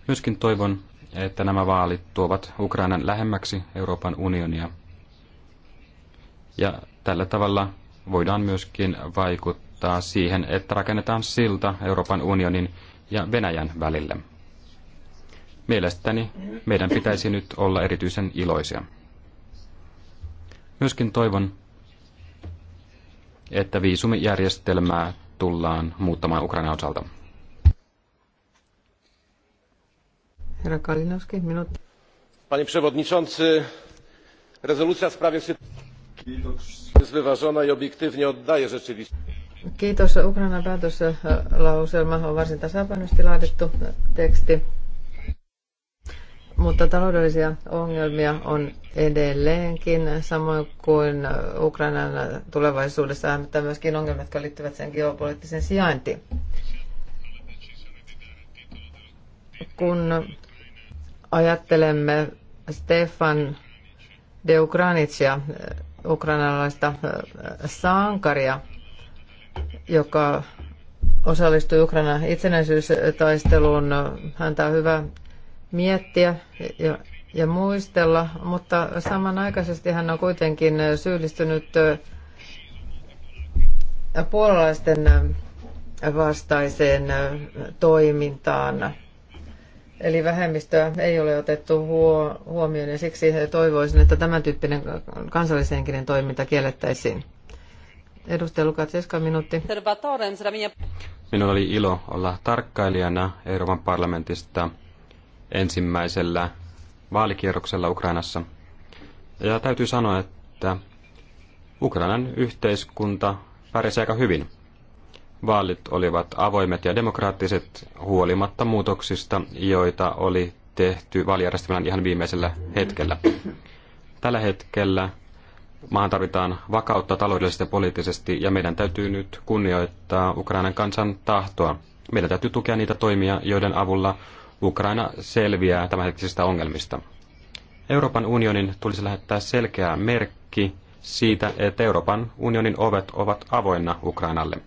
Myöskin toivon, että nämä vaalit tuovat Ukrainan lähemmäksi Euroopan unionia. Ja tällä tavalla voidaan myöskin vaikuttaa siihen, että rakennetaan silta Euroopan unionin ja Venäjän välille. Mielestäni meidän pitäisi nyt olla erityisen iloisia. Myöskin toivon, että viisumijärjestelmää tullaan muuttamaan Ukrainan osalta. Herra Panie przewodniczący, rezolucja w sprawie sytuacji jest wyważona i obiektywnie oddaje rzeczywistość. Kiitos. mutta taloudellisia ongelmia on edelleenkin, samoin kuin Ukrainan tulevaisuudessa mutta myöskin ongelmat, jotka liittyvät sen geopoliittiseen sijaintiin. Kun ajattelemme Stefan de Ukranitsia, ukrainalaista sankaria, joka osallistui Ukrainan itsenäisyystaisteluun. Häntä on hyvä miettiä ja, ja muistella, mutta samanaikaisesti hän on kuitenkin syyllistynyt puolalaisten vastaiseen toimintaan. Eli vähemmistöä ei ole otettu huomioon ja siksi toivoisin, että tämän tyyppinen kansallisenkin toiminta kiellettäisiin. Edustaja Lukatseska, minuutti. Minulla oli ilo olla tarkkailijana Euroopan parlamentista ensimmäisellä vaalikierroksella Ukrainassa. Ja täytyy sanoa, että Ukrainan yhteiskunta pärjäsi aika hyvin. Vaalit olivat avoimet ja demokraattiset huolimatta muutoksista, joita oli tehty vaalijärjestelmän ihan viimeisellä hetkellä. Tällä hetkellä maahan tarvitaan vakautta taloudellisesti ja poliittisesti, ja meidän täytyy nyt kunnioittaa Ukrainan kansan tahtoa. Meidän täytyy tukea niitä toimia, joiden avulla Ukraina selviää tämänhetkisistä ongelmista. Euroopan unionin tulisi lähettää selkeä merkki siitä, että Euroopan unionin ovet ovat avoinna Ukrainalle.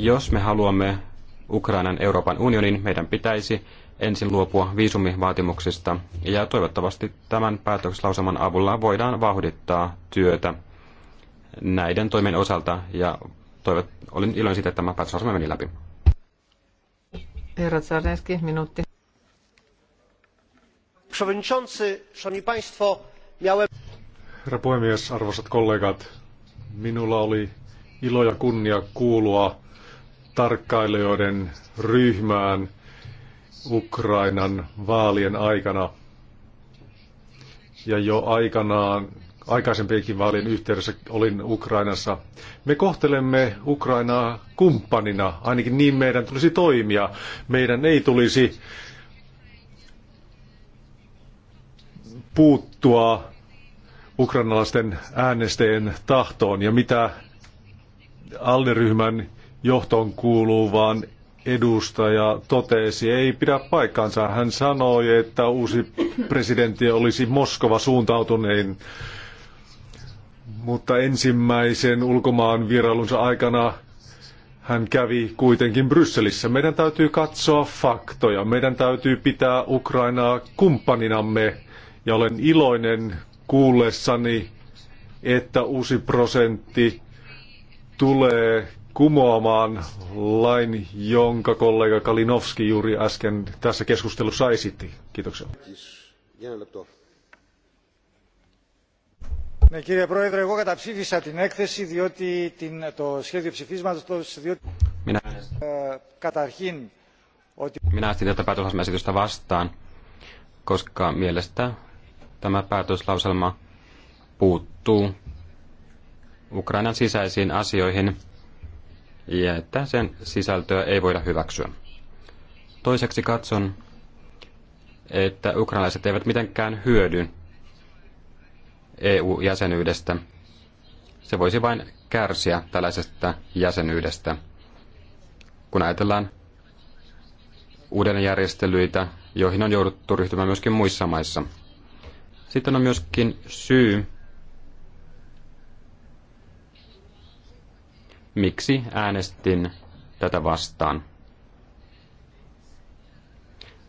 Jos me haluamme Ukrainan Euroopan unionin, meidän pitäisi ensin luopua viisumivaatimuksista ja toivottavasti tämän päätöslauselman avulla voidaan vauhdittaa työtä näiden toimien osalta ja toivot, olin iloinen siitä, että tämä päätöslausuma meni läpi. minuutti. Przewodniczący, państwo, miałem... Herra puhemies, arvoisat kollegat, minulla oli ilo ja kunnia kuulua tarkkailijoiden ryhmään Ukrainan vaalien aikana. Ja jo aikanaan, aikaisempienkin vaalien yhteydessä olin Ukrainassa. Me kohtelemme Ukrainaa kumppanina, ainakin niin meidän tulisi toimia. Meidän ei tulisi puuttua ukrainalaisten äänestäjien tahtoon ja mitä alderyhmän johtoon kuuluvaan edustaja totesi, ei pidä paikkaansa. Hän sanoi, että uusi presidentti olisi Moskova suuntautunein, mutta ensimmäisen ulkomaan virallunsa aikana hän kävi kuitenkin Brysselissä. Meidän täytyy katsoa faktoja. Meidän täytyy pitää Ukrainaa kumppaninamme. Ja olen iloinen kuullessani, että uusi prosentti tulee kumoamaan lain, jonka kollega Kalinowski juuri äsken tässä keskustelussa esitti. Kiitoksia. Ναι, κύριε Πρόεδρε, εγώ καταψήφισα την dioti διότι την, το σχέδιο ψηφίσματος διότι Minä... katarhin, καταρχήν Minä äänestin tätä päätöslauselmaesitystä vastaan, koska mielestä tämä päätöslauselma puuttuu Ukrainan sisäisiin asioihin – ja että sen sisältöä ei voida hyväksyä. Toiseksi katson, että ukrainalaiset eivät mitenkään hyödy EU-jäsenyydestä. Se voisi vain kärsiä tällaisesta jäsenyydestä. Kun ajatellaan uudelleenjärjestelyitä, joihin on jouduttu ryhtymään myöskin muissa maissa. Sitten on myöskin syy, miksi äänestin tätä vastaan.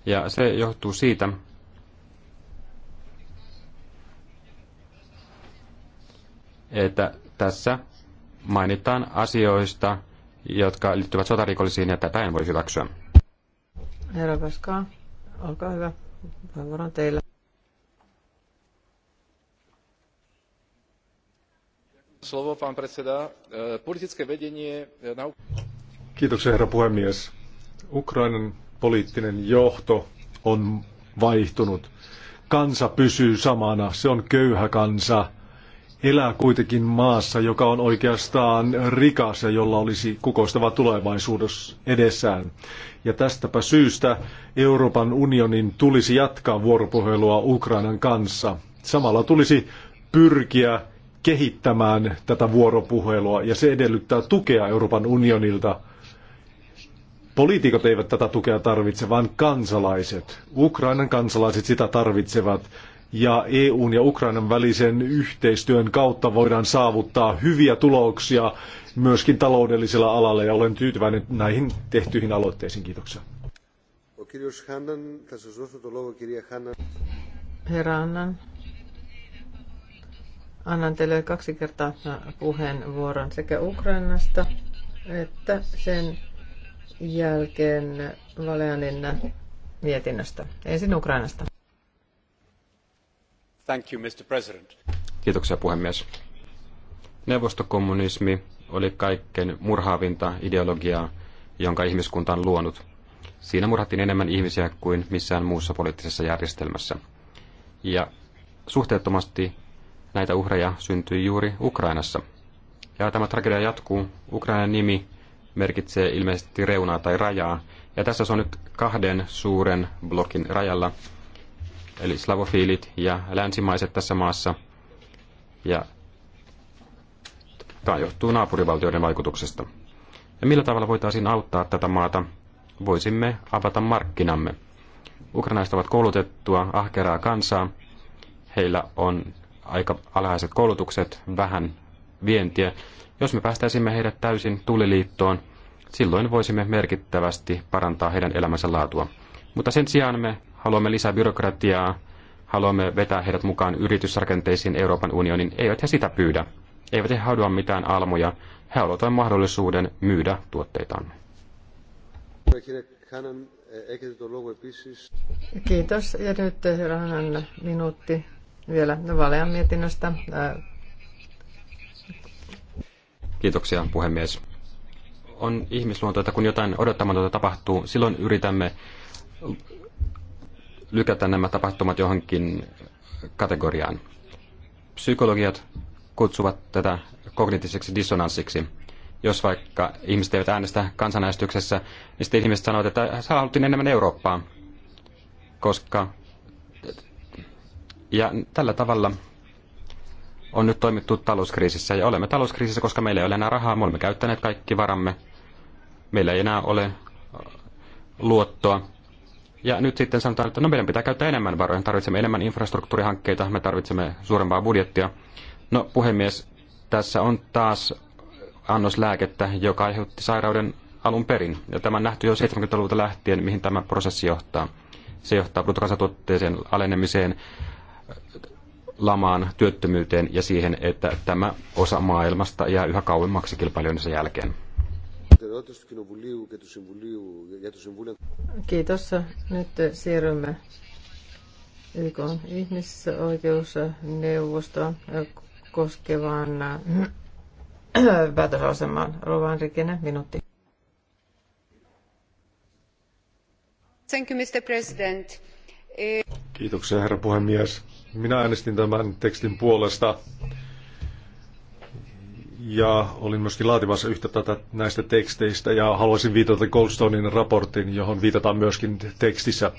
Ja se johtuu siitä, että tässä mainitaan asioista, jotka liittyvät sotarikollisiin, ja tätä en voi hyväksyä. Herra Paskaa, olkaa hyvä. Puheenvuoro on teillä. E, e, Kiitoksia herra puhemies. Ukrainan poliittinen johto on vaihtunut. Kansa pysyy samana, se on köyhä kansa, elää kuitenkin maassa, joka on oikeastaan rikas ja jolla olisi kukoistava tulevaisuus edessään. Ja tästäpä syystä Euroopan unionin tulisi jatkaa vuoropuhelua Ukrainan kanssa. Samalla tulisi pyrkiä kehittämään tätä vuoropuhelua ja se edellyttää tukea Euroopan unionilta. Poliitikot eivät tätä tukea tarvitse, vaan kansalaiset. Ukrainan kansalaiset sitä tarvitsevat ja EUn ja Ukrainan välisen yhteistyön kautta voidaan saavuttaa hyviä tuloksia myöskin taloudellisella alalla ja olen tyytyväinen näihin tehtyihin aloitteisiin. Kiitoksia. Herra Annan, Annan teille kaksi kertaa puheenvuoron sekä Ukrainasta että sen jälkeen Valeanin mietinnöstä. Ensin Ukrainasta. Thank you, Mr. President. Kiitoksia puhemies. Neuvostokommunismi oli kaikkein murhaavinta ideologiaa, jonka ihmiskunta on luonut. Siinä murhattiin enemmän ihmisiä kuin missään muussa poliittisessa järjestelmässä. Ja suhteettomasti Näitä uhreja syntyi juuri Ukrainassa. Ja tämä tragedia jatkuu. Ukrainan nimi merkitsee ilmeisesti reunaa tai rajaa. Ja tässä se on nyt kahden suuren blokin rajalla, eli slavofiilit ja länsimaiset tässä maassa. Ja tämä johtuu naapurivaltioiden vaikutuksesta. Ja millä tavalla voitaisiin auttaa tätä maata? Voisimme avata markkinamme. Ukrainaiset ovat koulutettua, ahkeraa kansaa. Heillä on aika alhaiset koulutukset, vähän vientiä. Jos me päästäisimme heidät täysin tuliliittoon, silloin voisimme merkittävästi parantaa heidän elämänsä laatua. Mutta sen sijaan me haluamme lisää byrokratiaa, haluamme vetää heidät mukaan yritysrakenteisiin Euroopan unionin. Eivät he sitä pyydä. Eivät he haudua mitään almoja, He haluavat vain mahdollisuuden myydä tuotteitaan. Kiitos. Ja nyt herra minuutti vielä Valean mietinnöstä. Kiitoksia puhemies. On ihmisluonto, että kun jotain odottamatonta tapahtuu, silloin yritämme lykätä nämä tapahtumat johonkin kategoriaan. Psykologiat kutsuvat tätä kognitiiviseksi dissonanssiksi. Jos vaikka ihmiset eivät äänestä kansanäänestyksessä, niin sitten ihmiset sanovat, että haluttiin enemmän Eurooppaa, koska ja tällä tavalla on nyt toimittu talouskriisissä ja olemme talouskriisissä, koska meillä ei ole enää rahaa, me olemme käyttäneet kaikki varamme, meillä ei enää ole luottoa. Ja nyt sitten sanotaan, että no meidän pitää käyttää enemmän varoja, tarvitsemme enemmän infrastruktuurihankkeita, me tarvitsemme suurempaa budjettia. No puhemies, tässä on taas annos lääkettä, joka aiheutti sairauden alun perin. Ja tämä on nähty jo 70-luvulta lähtien, mihin tämä prosessi johtaa. Se johtaa bruttokansantuotteeseen alenemiseen, lamaan, työttömyyteen ja siihen, että tämä osa maailmasta jää yhä kauemmaksi kilpailijoidensa jälkeen. Kiitos. Nyt siirrymme YK ihmisoikeusneuvostoa koskevaan äh, päätösasemaan. Rovan Rikinen, minuutti. Thank you, Mr. President. Eh, Kiitoksia, herra puhemies minä äänestin tämän tekstin puolesta ja olin myöskin laativassa yhtä tätä näistä teksteistä ja haluaisin viitata Goldstonein raportin, johon viitataan myöskin tekstissä.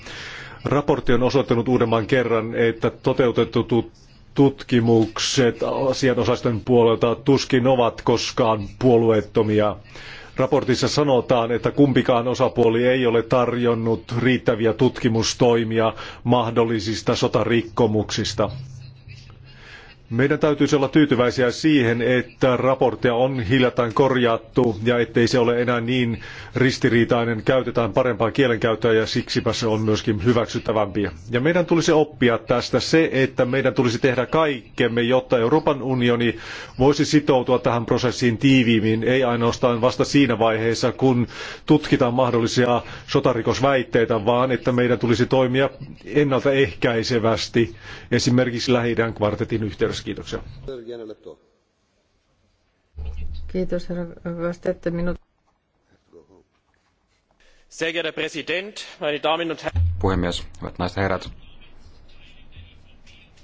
Raportti on osoittanut uudemman kerran, että toteutetut tutkimukset asianosaisten puolelta tuskin ovat koskaan puolueettomia. Raportissa sanotaan, että kumpikaan osapuoli ei ole tarjonnut riittäviä tutkimustoimia mahdollisista sotarikkomuksista. Meidän täytyisi olla tyytyväisiä siihen, että raporttia on hiljattain korjattu ja ettei se ole enää niin ristiriitainen. Käytetään parempaa kielenkäyttöä ja siksipä se on myöskin hyväksyttävämpi. Ja meidän tulisi oppia tästä se, että meidän tulisi tehdä kaikkemme, jotta Euroopan unioni voisi sitoutua tähän prosessiin tiiviimmin, ei ainoastaan vasta siinä vaiheessa, kun tutkitaan mahdollisia sotarikosväitteitä, vaan että meidän tulisi toimia ennaltaehkäisevästi esimerkiksi lähi kvartetin yhteydessä. Kiitoksia. Kiitos, herra Vastette. Minut... Sehr geehrter meine Damen und Herren. Puhemies, hyvät naiset ja herrat.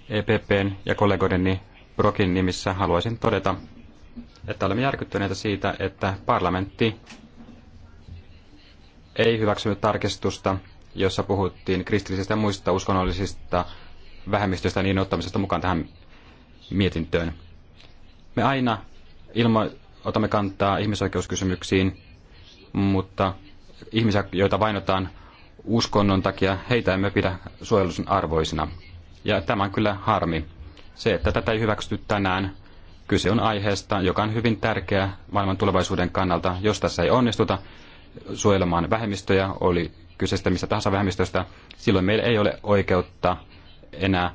EPPn ja kollegoideni Brokin nimissä haluaisin todeta, että olemme järkyttyneitä siitä, että parlamentti ei hyväksynyt tarkistusta, jossa puhuttiin kristillisistä ja muista uskonnollisista vähemmistöistä niin ottamisesta mukaan tähän mietintöön. Me aina ilmo- otamme kantaa ihmisoikeuskysymyksiin, mutta ihmisiä, joita vainotaan uskonnon takia, heitä emme pidä suojelun arvoisina. Ja tämä on kyllä harmi. Se, että tätä ei hyväksytty tänään, kyse on aiheesta, joka on hyvin tärkeä maailman tulevaisuuden kannalta. Jos tässä ei onnistuta suojelemaan vähemmistöjä, oli kyseistä mistä tahansa vähemmistöstä, silloin meillä ei ole oikeutta enää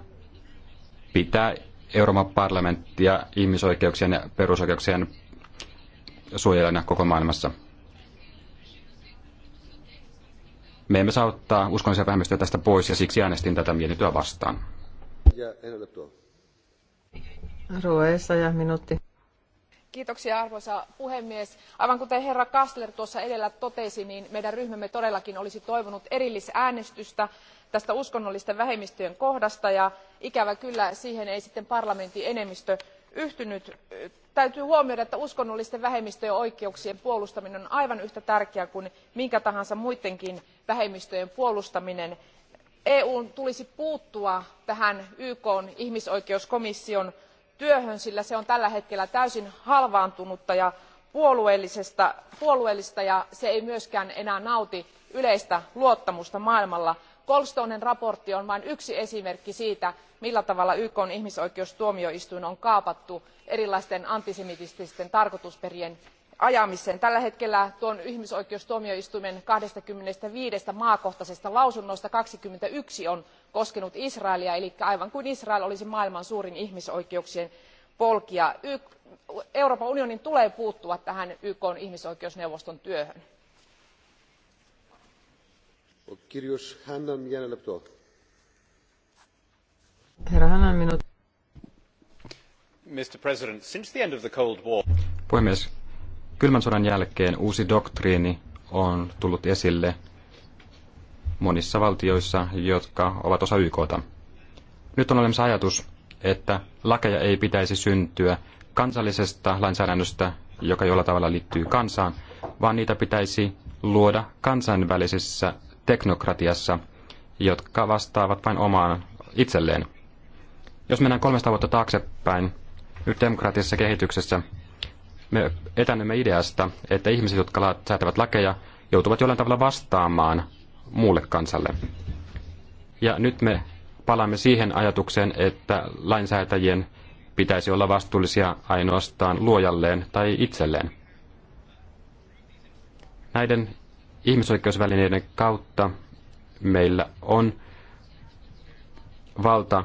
pitää Euroopan parlamenttia ihmisoikeuksien ja perusoikeuksien suojelijana koko maailmassa. Me emme saa ottaa uskonnollisia vähemmistöjä tästä pois ja siksi äänestin tätä mietintöä vastaan. Ruoessa ja minuutti. Kiitoksia arvoisa puhemies. Aivan kuten herra Kastler tuossa edellä totesi, niin meidän ryhmämme todellakin olisi toivonut erillisäänestystä tästä uskonnollisten vähemmistöjen kohdasta ja ikävä kyllä siihen ei sitten parlamentin enemmistö yhtynyt. täytyy huomioida että uskonnollisten vähemmistöjen oikeuksien puolustaminen on aivan yhtä tärkeää kuin minkä tahansa muidenkin vähemmistöjen puolustaminen. eu n tulisi puuttua tähän yk n ihmisoikeuskomission työhön sillä se on tällä hetkellä täysin halvaantunutta ja puolueellista ja se ei myöskään enää nauti yleistä luottamusta maailmalla goldstonen mietintö on vain yksi esimerkki siitä millä tavalla n ihmisoikeustuomioistuin on kaapattu erilaisten antisemitististen tarkoitusperien ajamiseen. tällä hetkellä tuon ihmisoikeustuomioistuimen kaksikymmentäviisi maakohtaisesta lausunnosta kaksikymmentäyksi on koskenut israelia eli aivan kuin israel olisi maailman suurin ihmisoikeuksien polkija. euroopan unionin tulee puuttua tähän n ihmisoikeusneuvoston työhön. Puhemies, kylmän sodan jälkeen uusi doktriini on tullut esille monissa valtioissa, jotka ovat osa YKta. Nyt on olemassa ajatus, että lakeja ei pitäisi syntyä kansallisesta lainsäädännöstä, joka jollain tavalla liittyy kansaan, vaan niitä pitäisi luoda kansainvälisissä teknokratiassa, jotka vastaavat vain omaan itselleen. Jos mennään 300 vuotta taaksepäin demokraattisessa kehityksessä, me etännymme ideasta, että ihmiset, jotka säätävät lakeja, joutuvat jollain tavalla vastaamaan muulle kansalle. Ja nyt me palaamme siihen ajatukseen, että lainsäätäjien pitäisi olla vastuullisia ainoastaan luojalleen tai itselleen. Näiden ihmisoikeusvälineiden kautta meillä on valta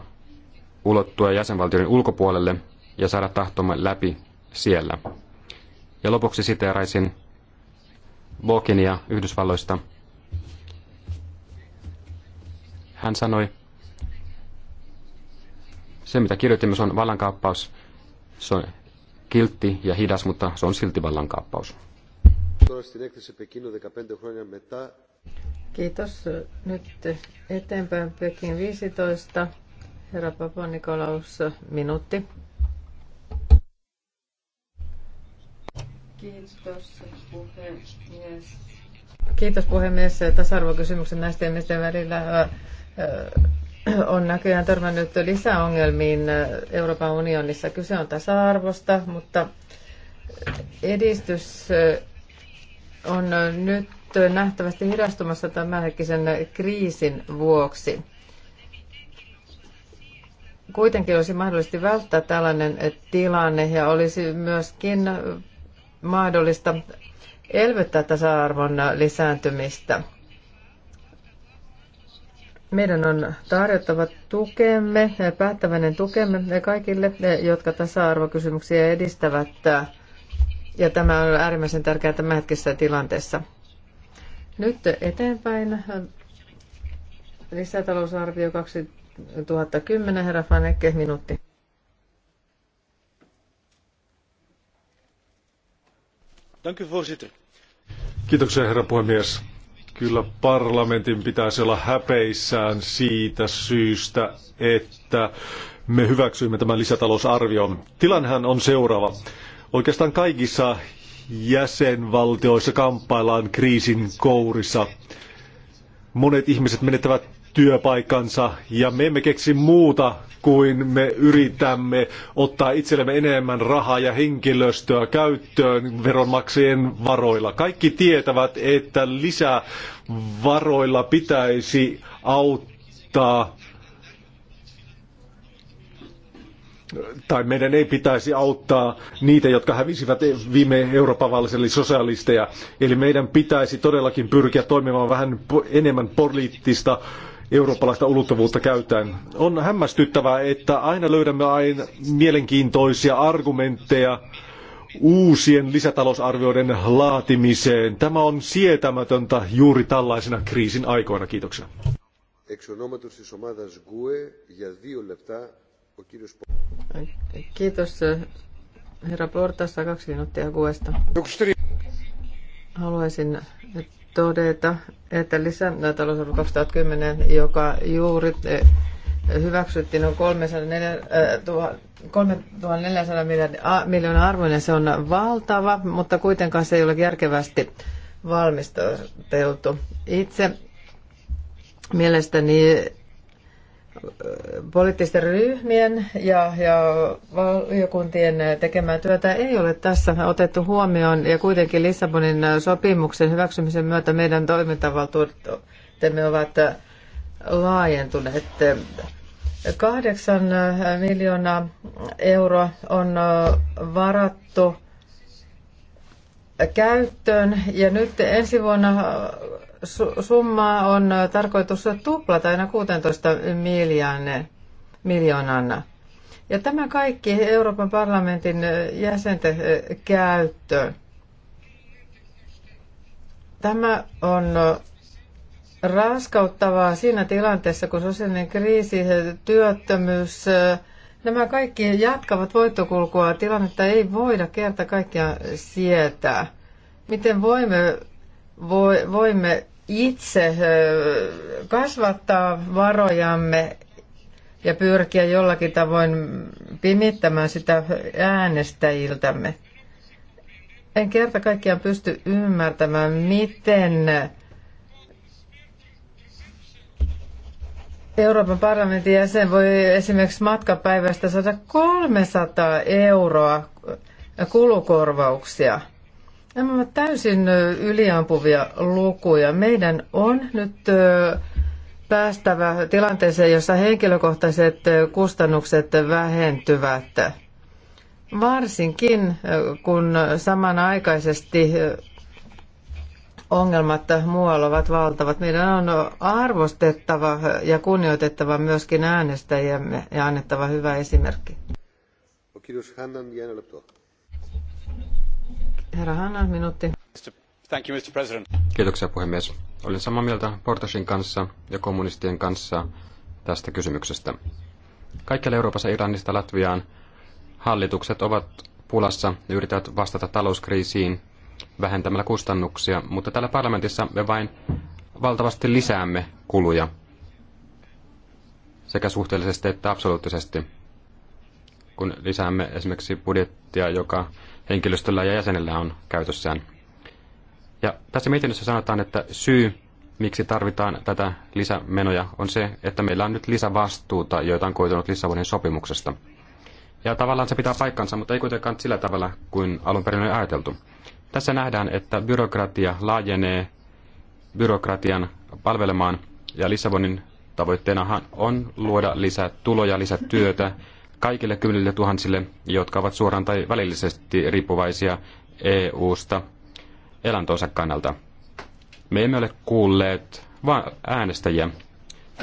ulottua jäsenvaltioiden ulkopuolelle ja saada tahtomme läpi siellä. Ja lopuksi siteeraisin Bokinia Yhdysvalloista. Hän sanoi, se mitä kirjoitimme se on vallankaappaus, se on kiltti ja hidas, mutta se on silti vallankaappaus. Τώρα στην έκθεση Πεκίνου 15 χρόνια μετά. Kiitos. Nyt eteenpäin Pekin 15. Herra Papa Nikolaus, minuutti. Kiitos puhemies. Kiitos puhemies. Tasa-arvokysymyksen näistä ja miesten välillä äh, äh, on näköjään törmännyt lisäongelmiin äh, Euroopan unionissa. Kyse on tasa-arvosta, mutta edistys on nyt nähtävästi hidastumassa tämänhetkisen kriisin vuoksi. Kuitenkin olisi mahdollisesti välttää tällainen tilanne ja olisi myöskin mahdollista elvyttää tasa-arvon lisääntymistä. Meidän on tarjottava tukemme, päättäväinen tukemme kaikille, jotka tasa-arvokysymyksiä edistävät ja tämä on äärimmäisen tärkeää hetkessä tilanteessa. Nyt eteenpäin lisätalousarvio 2010, herra Fanekke, minuutti. Kiitoksia herra puhemies. Kyllä parlamentin pitäisi olla häpeissään siitä syystä, että me hyväksyimme tämän lisätalousarvion. Tilannehan on seuraava. Oikeastaan kaikissa jäsenvaltioissa kamppaillaan kriisin kourissa. Monet ihmiset menettävät työpaikkansa ja me emme keksi muuta kuin me yritämme ottaa itsellemme enemmän rahaa ja henkilöstöä käyttöön veronmaksajien varoilla. Kaikki tietävät, että lisävaroilla pitäisi auttaa tai meidän ei pitäisi auttaa niitä, jotka hävisivät viime Euroopan vaaleissa, eli sosialisteja. Eli meidän pitäisi todellakin pyrkiä toimimaan vähän enemmän poliittista eurooppalaista ulottuvuutta käyttäen. On hämmästyttävää, että aina löydämme aina mielenkiintoisia argumentteja uusien lisätalousarvioiden laatimiseen. Tämä on sietämätöntä juuri tällaisena kriisin aikoina. Kiitoksia. Εξ ονόματος της ομάδας GUE για δύο λεπτά Kiitos herra Portassa kaksi minuuttia kuesta. Haluaisin todeta, että lisätalousarvio 2010, joka juuri eh, hyväksyttiin, on 3400 eh, miljoonaa arvoinen. Se on valtava, mutta kuitenkaan se ei ole järkevästi valmisteltu. Itse mielestäni poliittisten ryhmien ja, ja valiokuntien tekemää työtä ei ole tässä otettu huomioon ja kuitenkin Lissabonin sopimuksen hyväksymisen myötä meidän toimintavaltuutemme ovat laajentuneet. Kahdeksan miljoonaa euroa on varattu käyttöön ja nyt ensi vuonna Summa on tarkoitus tuplata aina 16 miljoonana. Ja tämä kaikki Euroopan parlamentin jäsenten käyttö. Tämä on raskauttavaa siinä tilanteessa, kun sosiaalinen kriisi, työttömyys, nämä kaikki jatkavat voittokulkua. Tilannetta ei voida kerta kaikkiaan sietää. Miten voimme voimme itse kasvattaa varojamme ja pyrkiä jollakin tavoin pimittämään sitä äänestäjiltämme. En kerta kaikkiaan pysty ymmärtämään, miten Euroopan parlamentin jäsen voi esimerkiksi matkapäivästä saada 300 euroa kulukorvauksia – Nämä ovat täysin yliampuvia lukuja. Meidän on nyt päästävä tilanteeseen, jossa henkilökohtaiset kustannukset vähentyvät. Varsinkin kun samanaikaisesti ongelmat muualla ovat valtavat. Meidän on arvostettava ja kunnioitettava myöskin äänestäjiämme ja annettava hyvä esimerkki. Kiitos, Herra Hanna, minuutti. Thank you, Mr. President. Kiitoksia puhemies. Olen samaa mieltä Portasin kanssa ja kommunistien kanssa tästä kysymyksestä. Kaikkialla Euroopassa Iranista Latviaan hallitukset ovat pulassa ja yrittävät vastata talouskriisiin vähentämällä kustannuksia, mutta täällä parlamentissa me vain valtavasti lisäämme kuluja sekä suhteellisesti että absoluuttisesti, kun lisäämme esimerkiksi budjettia, joka henkilöstöllä ja jäsenellä on käytössään. Ja tässä mietinnössä sanotaan, että syy, miksi tarvitaan tätä lisämenoja, on se, että meillä on nyt lisävastuuta, joita on koitunut Lissabonin sopimuksesta. Ja tavallaan se pitää paikkansa, mutta ei kuitenkaan sillä tavalla kuin alun perin oli ajateltu. Tässä nähdään, että byrokratia laajenee byrokratian palvelemaan, ja Lissabonin tavoitteenahan on luoda lisää tuloja, lisää työtä, kaikille kymmenille tuhansille, jotka ovat suoraan tai välillisesti riippuvaisia EU-sta elantonsa kannalta. Me emme ole kuulleet vaan äänestäjiä.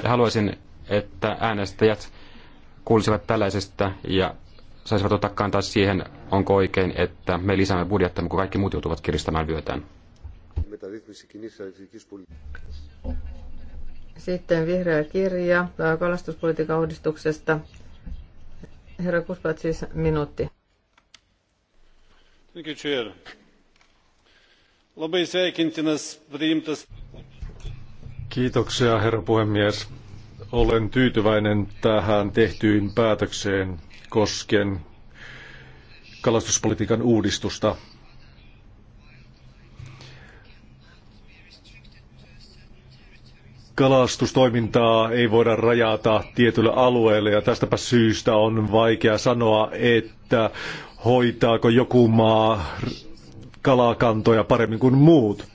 Ja haluaisin, että äänestäjät kuulisivat tällaisesta ja saisivat ottaa kantaa siihen, onko oikein, että me lisäämme budjettamme, kun kaikki muut joutuvat kiristämään vyötään. Sitten vihreä kirja kalastuspolitiikan uudistuksesta. Herra Kuspat, siis minuutti. Kiitoksia, herra puhemies. Olen tyytyväinen tähän tehtyyn päätökseen koskien kalastuspolitiikan uudistusta. kalastustoimintaa ei voida rajata tietylle alueelle ja tästäpä syystä on vaikea sanoa, että hoitaako joku maa kalakantoja paremmin kuin muut.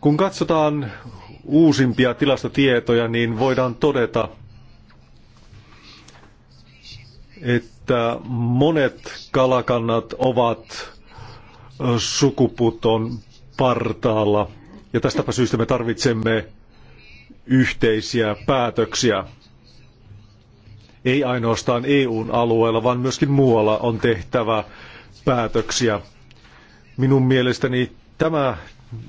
Kun katsotaan uusimpia tilastotietoja, niin voidaan todeta, että monet kalakannat ovat sukupuuton partaalla. Ja tästäpä syystä me tarvitsemme yhteisiä päätöksiä. Ei ainoastaan EUn alueella, vaan myöskin muualla on tehtävä päätöksiä. Minun mielestäni tämä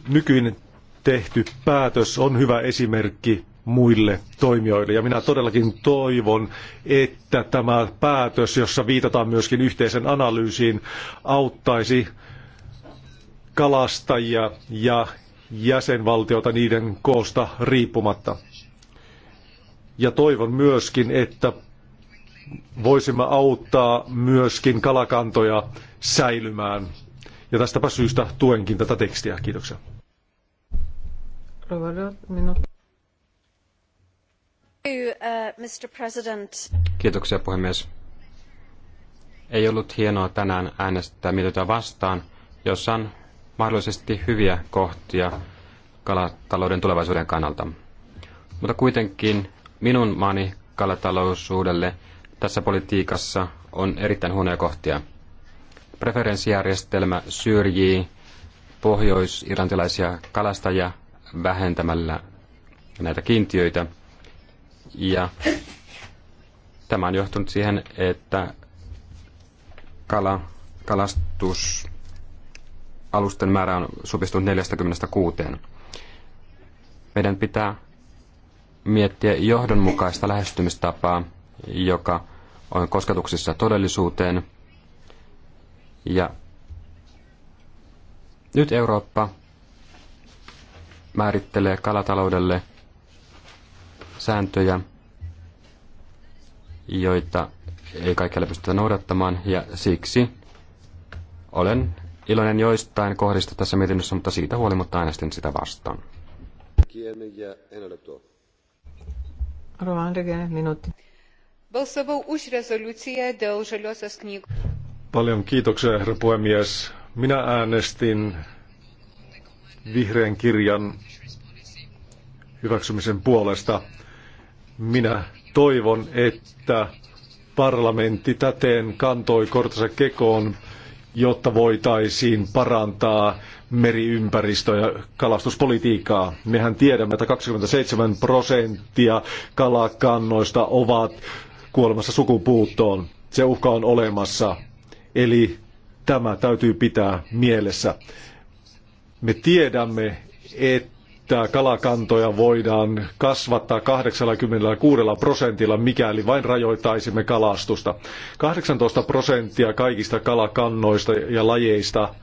nykyinen tehty päätös on hyvä esimerkki muille toimijoille. Ja minä todellakin toivon, että tämä päätös, jossa viitataan myöskin yhteisen analyysiin, auttaisi kalastajia ja jäsenvaltiota niiden koosta riippumatta. Ja toivon myöskin, että voisimme auttaa myöskin kalakantoja säilymään. Ja tästäpä syystä tuenkin tätä tekstiä. Kiitoksia. Uh, Kiitoksia puhemies. Ei ollut hienoa tänään äänestää mietintöä vastaan, jossa on mahdollisesti hyviä kohtia kalatalouden tulevaisuuden kannalta. Mutta kuitenkin minun maani kalataloussuudelle tässä politiikassa on erittäin huonoja kohtia. Preferenssijärjestelmä syrjii pohjois-irlantilaisia kalastajia vähentämällä näitä kiintiöitä. Ja tämä on johtunut siihen, että kala, kalastus alusten määrä on supistunut 46. Meidän pitää miettiä johdonmukaista lähestymistapaa, joka on kosketuksissa todellisuuteen. Ja nyt Eurooppa määrittelee kalataloudelle sääntöjä, joita ei kaikkialla pystytä noudattamaan, ja siksi olen iloinen joistain kohdista tässä mietinnössä, mutta siitä huolimatta äänestin sitä vastaan. Paljon kiitoksia, herra puhemies. Minä äänestin vihreän kirjan hyväksymisen puolesta. Minä toivon, että parlamentti täten kantoi kortensa kekoon jotta voitaisiin parantaa meriympäristöä ja kalastuspolitiikkaa. Mehän tiedämme, että 27 prosenttia kalakannoista ovat kuolemassa sukupuuttoon. Se uhka on olemassa, eli tämä täytyy pitää mielessä. Me tiedämme, että että kalakantoja voidaan kasvattaa 86 prosentilla, mikäli vain rajoittaisimme kalastusta. 18 prosenttia kaikista kalakannoista ja lajeista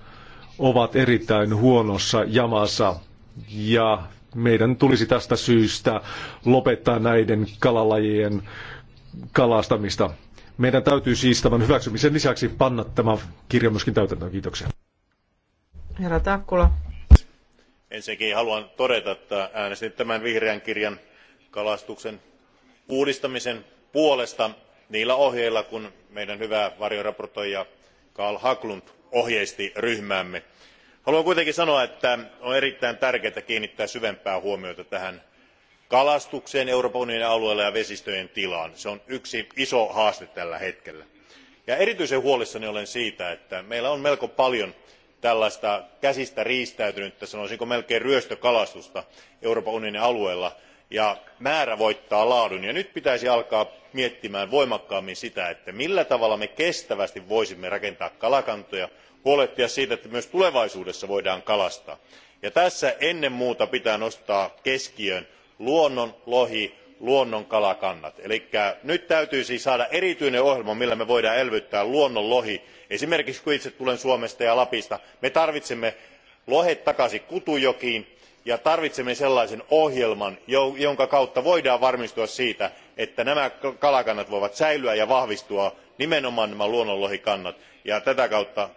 ovat erittäin huonossa jamassa ja meidän tulisi tästä syystä lopettaa näiden kalalajien kalastamista. Meidän täytyy siis tämän hyväksymisen lisäksi panna tämä kirja myöskin täytäntöön. Kiitoksia. Herra Takkula ensinnäkin haluan todeta että äänestin tämän vihreän kirjan kalastuksen uudistamisen puolesta niillä ohjeilla kun meidän hyvä varjoesittelijämme carl haglund ohjeisti ryhmäämme. haluan kuitenkin sanoa että on erittäin tärkeää kiinnittää syvempää huomiota kalastukseen euroopan unionin alueella ja vesistöjen tilaan. se on yksi iso haaste tällä hetkellä. erityisen huolissani olen siitä että meillä on melko paljon tällaista käsistä riistäytynyttä sanoisinko melkein ryöstökalastusta euroopan unionin alueella ja määrä voittaa laadun. nyt pitäisi alkaa miettiä voimakkaammin sitä millä tavalla me kestävästi voisimme rakentaa kalakantoja huolehtia siitä että myös tulevaisuudessa voidaan kalastaa. tässä ennen muuta pitää nostaa keskiöön luonnon lohi luonnonkalakannat eli nyt täytyisi siis saada erityinen ohjelma jolla me voimme elvyttää luonnonlohia. esimerkiksi kun itse tulen suomesta ja lapista me tarvitsemme lohet takaisin kutujokiin ja tarvitsemme sellaisen ohjelman jonka kautta voidaan varmistua siitä että nämä kalakannat voivat säilyä ja vahvistua nimenomaan nämä luonnonlohikannat ja tätä kautta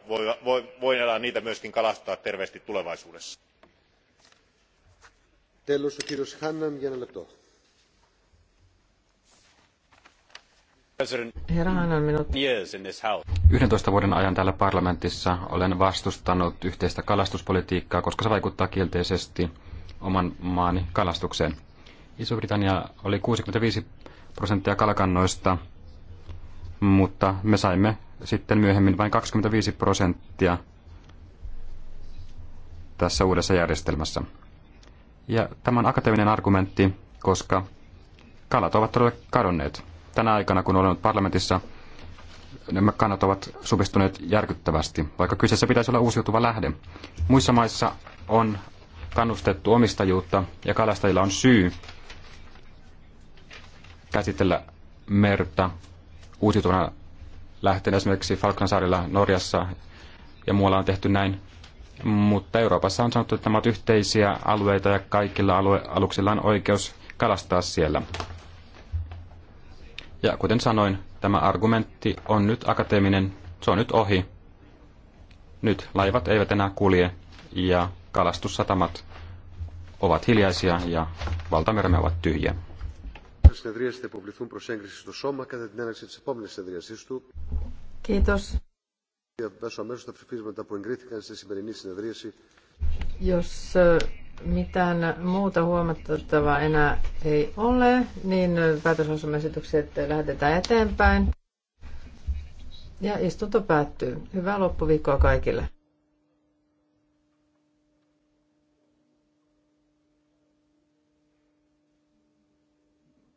voidaan niitä myös kalastaa terveesti tulevaisuudessa. Herra 11 vuoden ajan täällä parlamentissa olen vastustanut yhteistä kalastuspolitiikkaa, koska se vaikuttaa kielteisesti oman maani kalastukseen. Iso-Britannia oli 65 prosenttia kalakannoista, mutta me saimme sitten myöhemmin vain 25 prosenttia tässä uudessa järjestelmässä. Ja tämä on akateeminen argumentti, koska kalat ovat todella kadonneet tänä aikana, kun olen ollut parlamentissa, nämä kannat ovat supistuneet järkyttävästi, vaikka kyseessä pitäisi olla uusiutuva lähde. Muissa maissa on kannustettu omistajuutta ja kalastajilla on syy käsitellä merta uusiutuvana lähteenä esimerkiksi Falklandsaarilla, Norjassa ja muualla on tehty näin. Mutta Euroopassa on sanottu, että nämä ovat yhteisiä alueita ja kaikilla alue- aluksilla on oikeus kalastaa siellä. Ja kuten sanoin, tämä argumentti on nyt akateeminen, se on nyt ohi. Nyt laivat eivät enää kulje ja kalastussatamat ovat hiljaisia ja valtameremme ovat tyhjiä. Kiitos. Jos mitään muuta huomattavaa enää ei ole, niin päätösosumesitykset lähetetään eteenpäin. Ja istunto päättyy. Hyvää loppuviikkoa kaikille.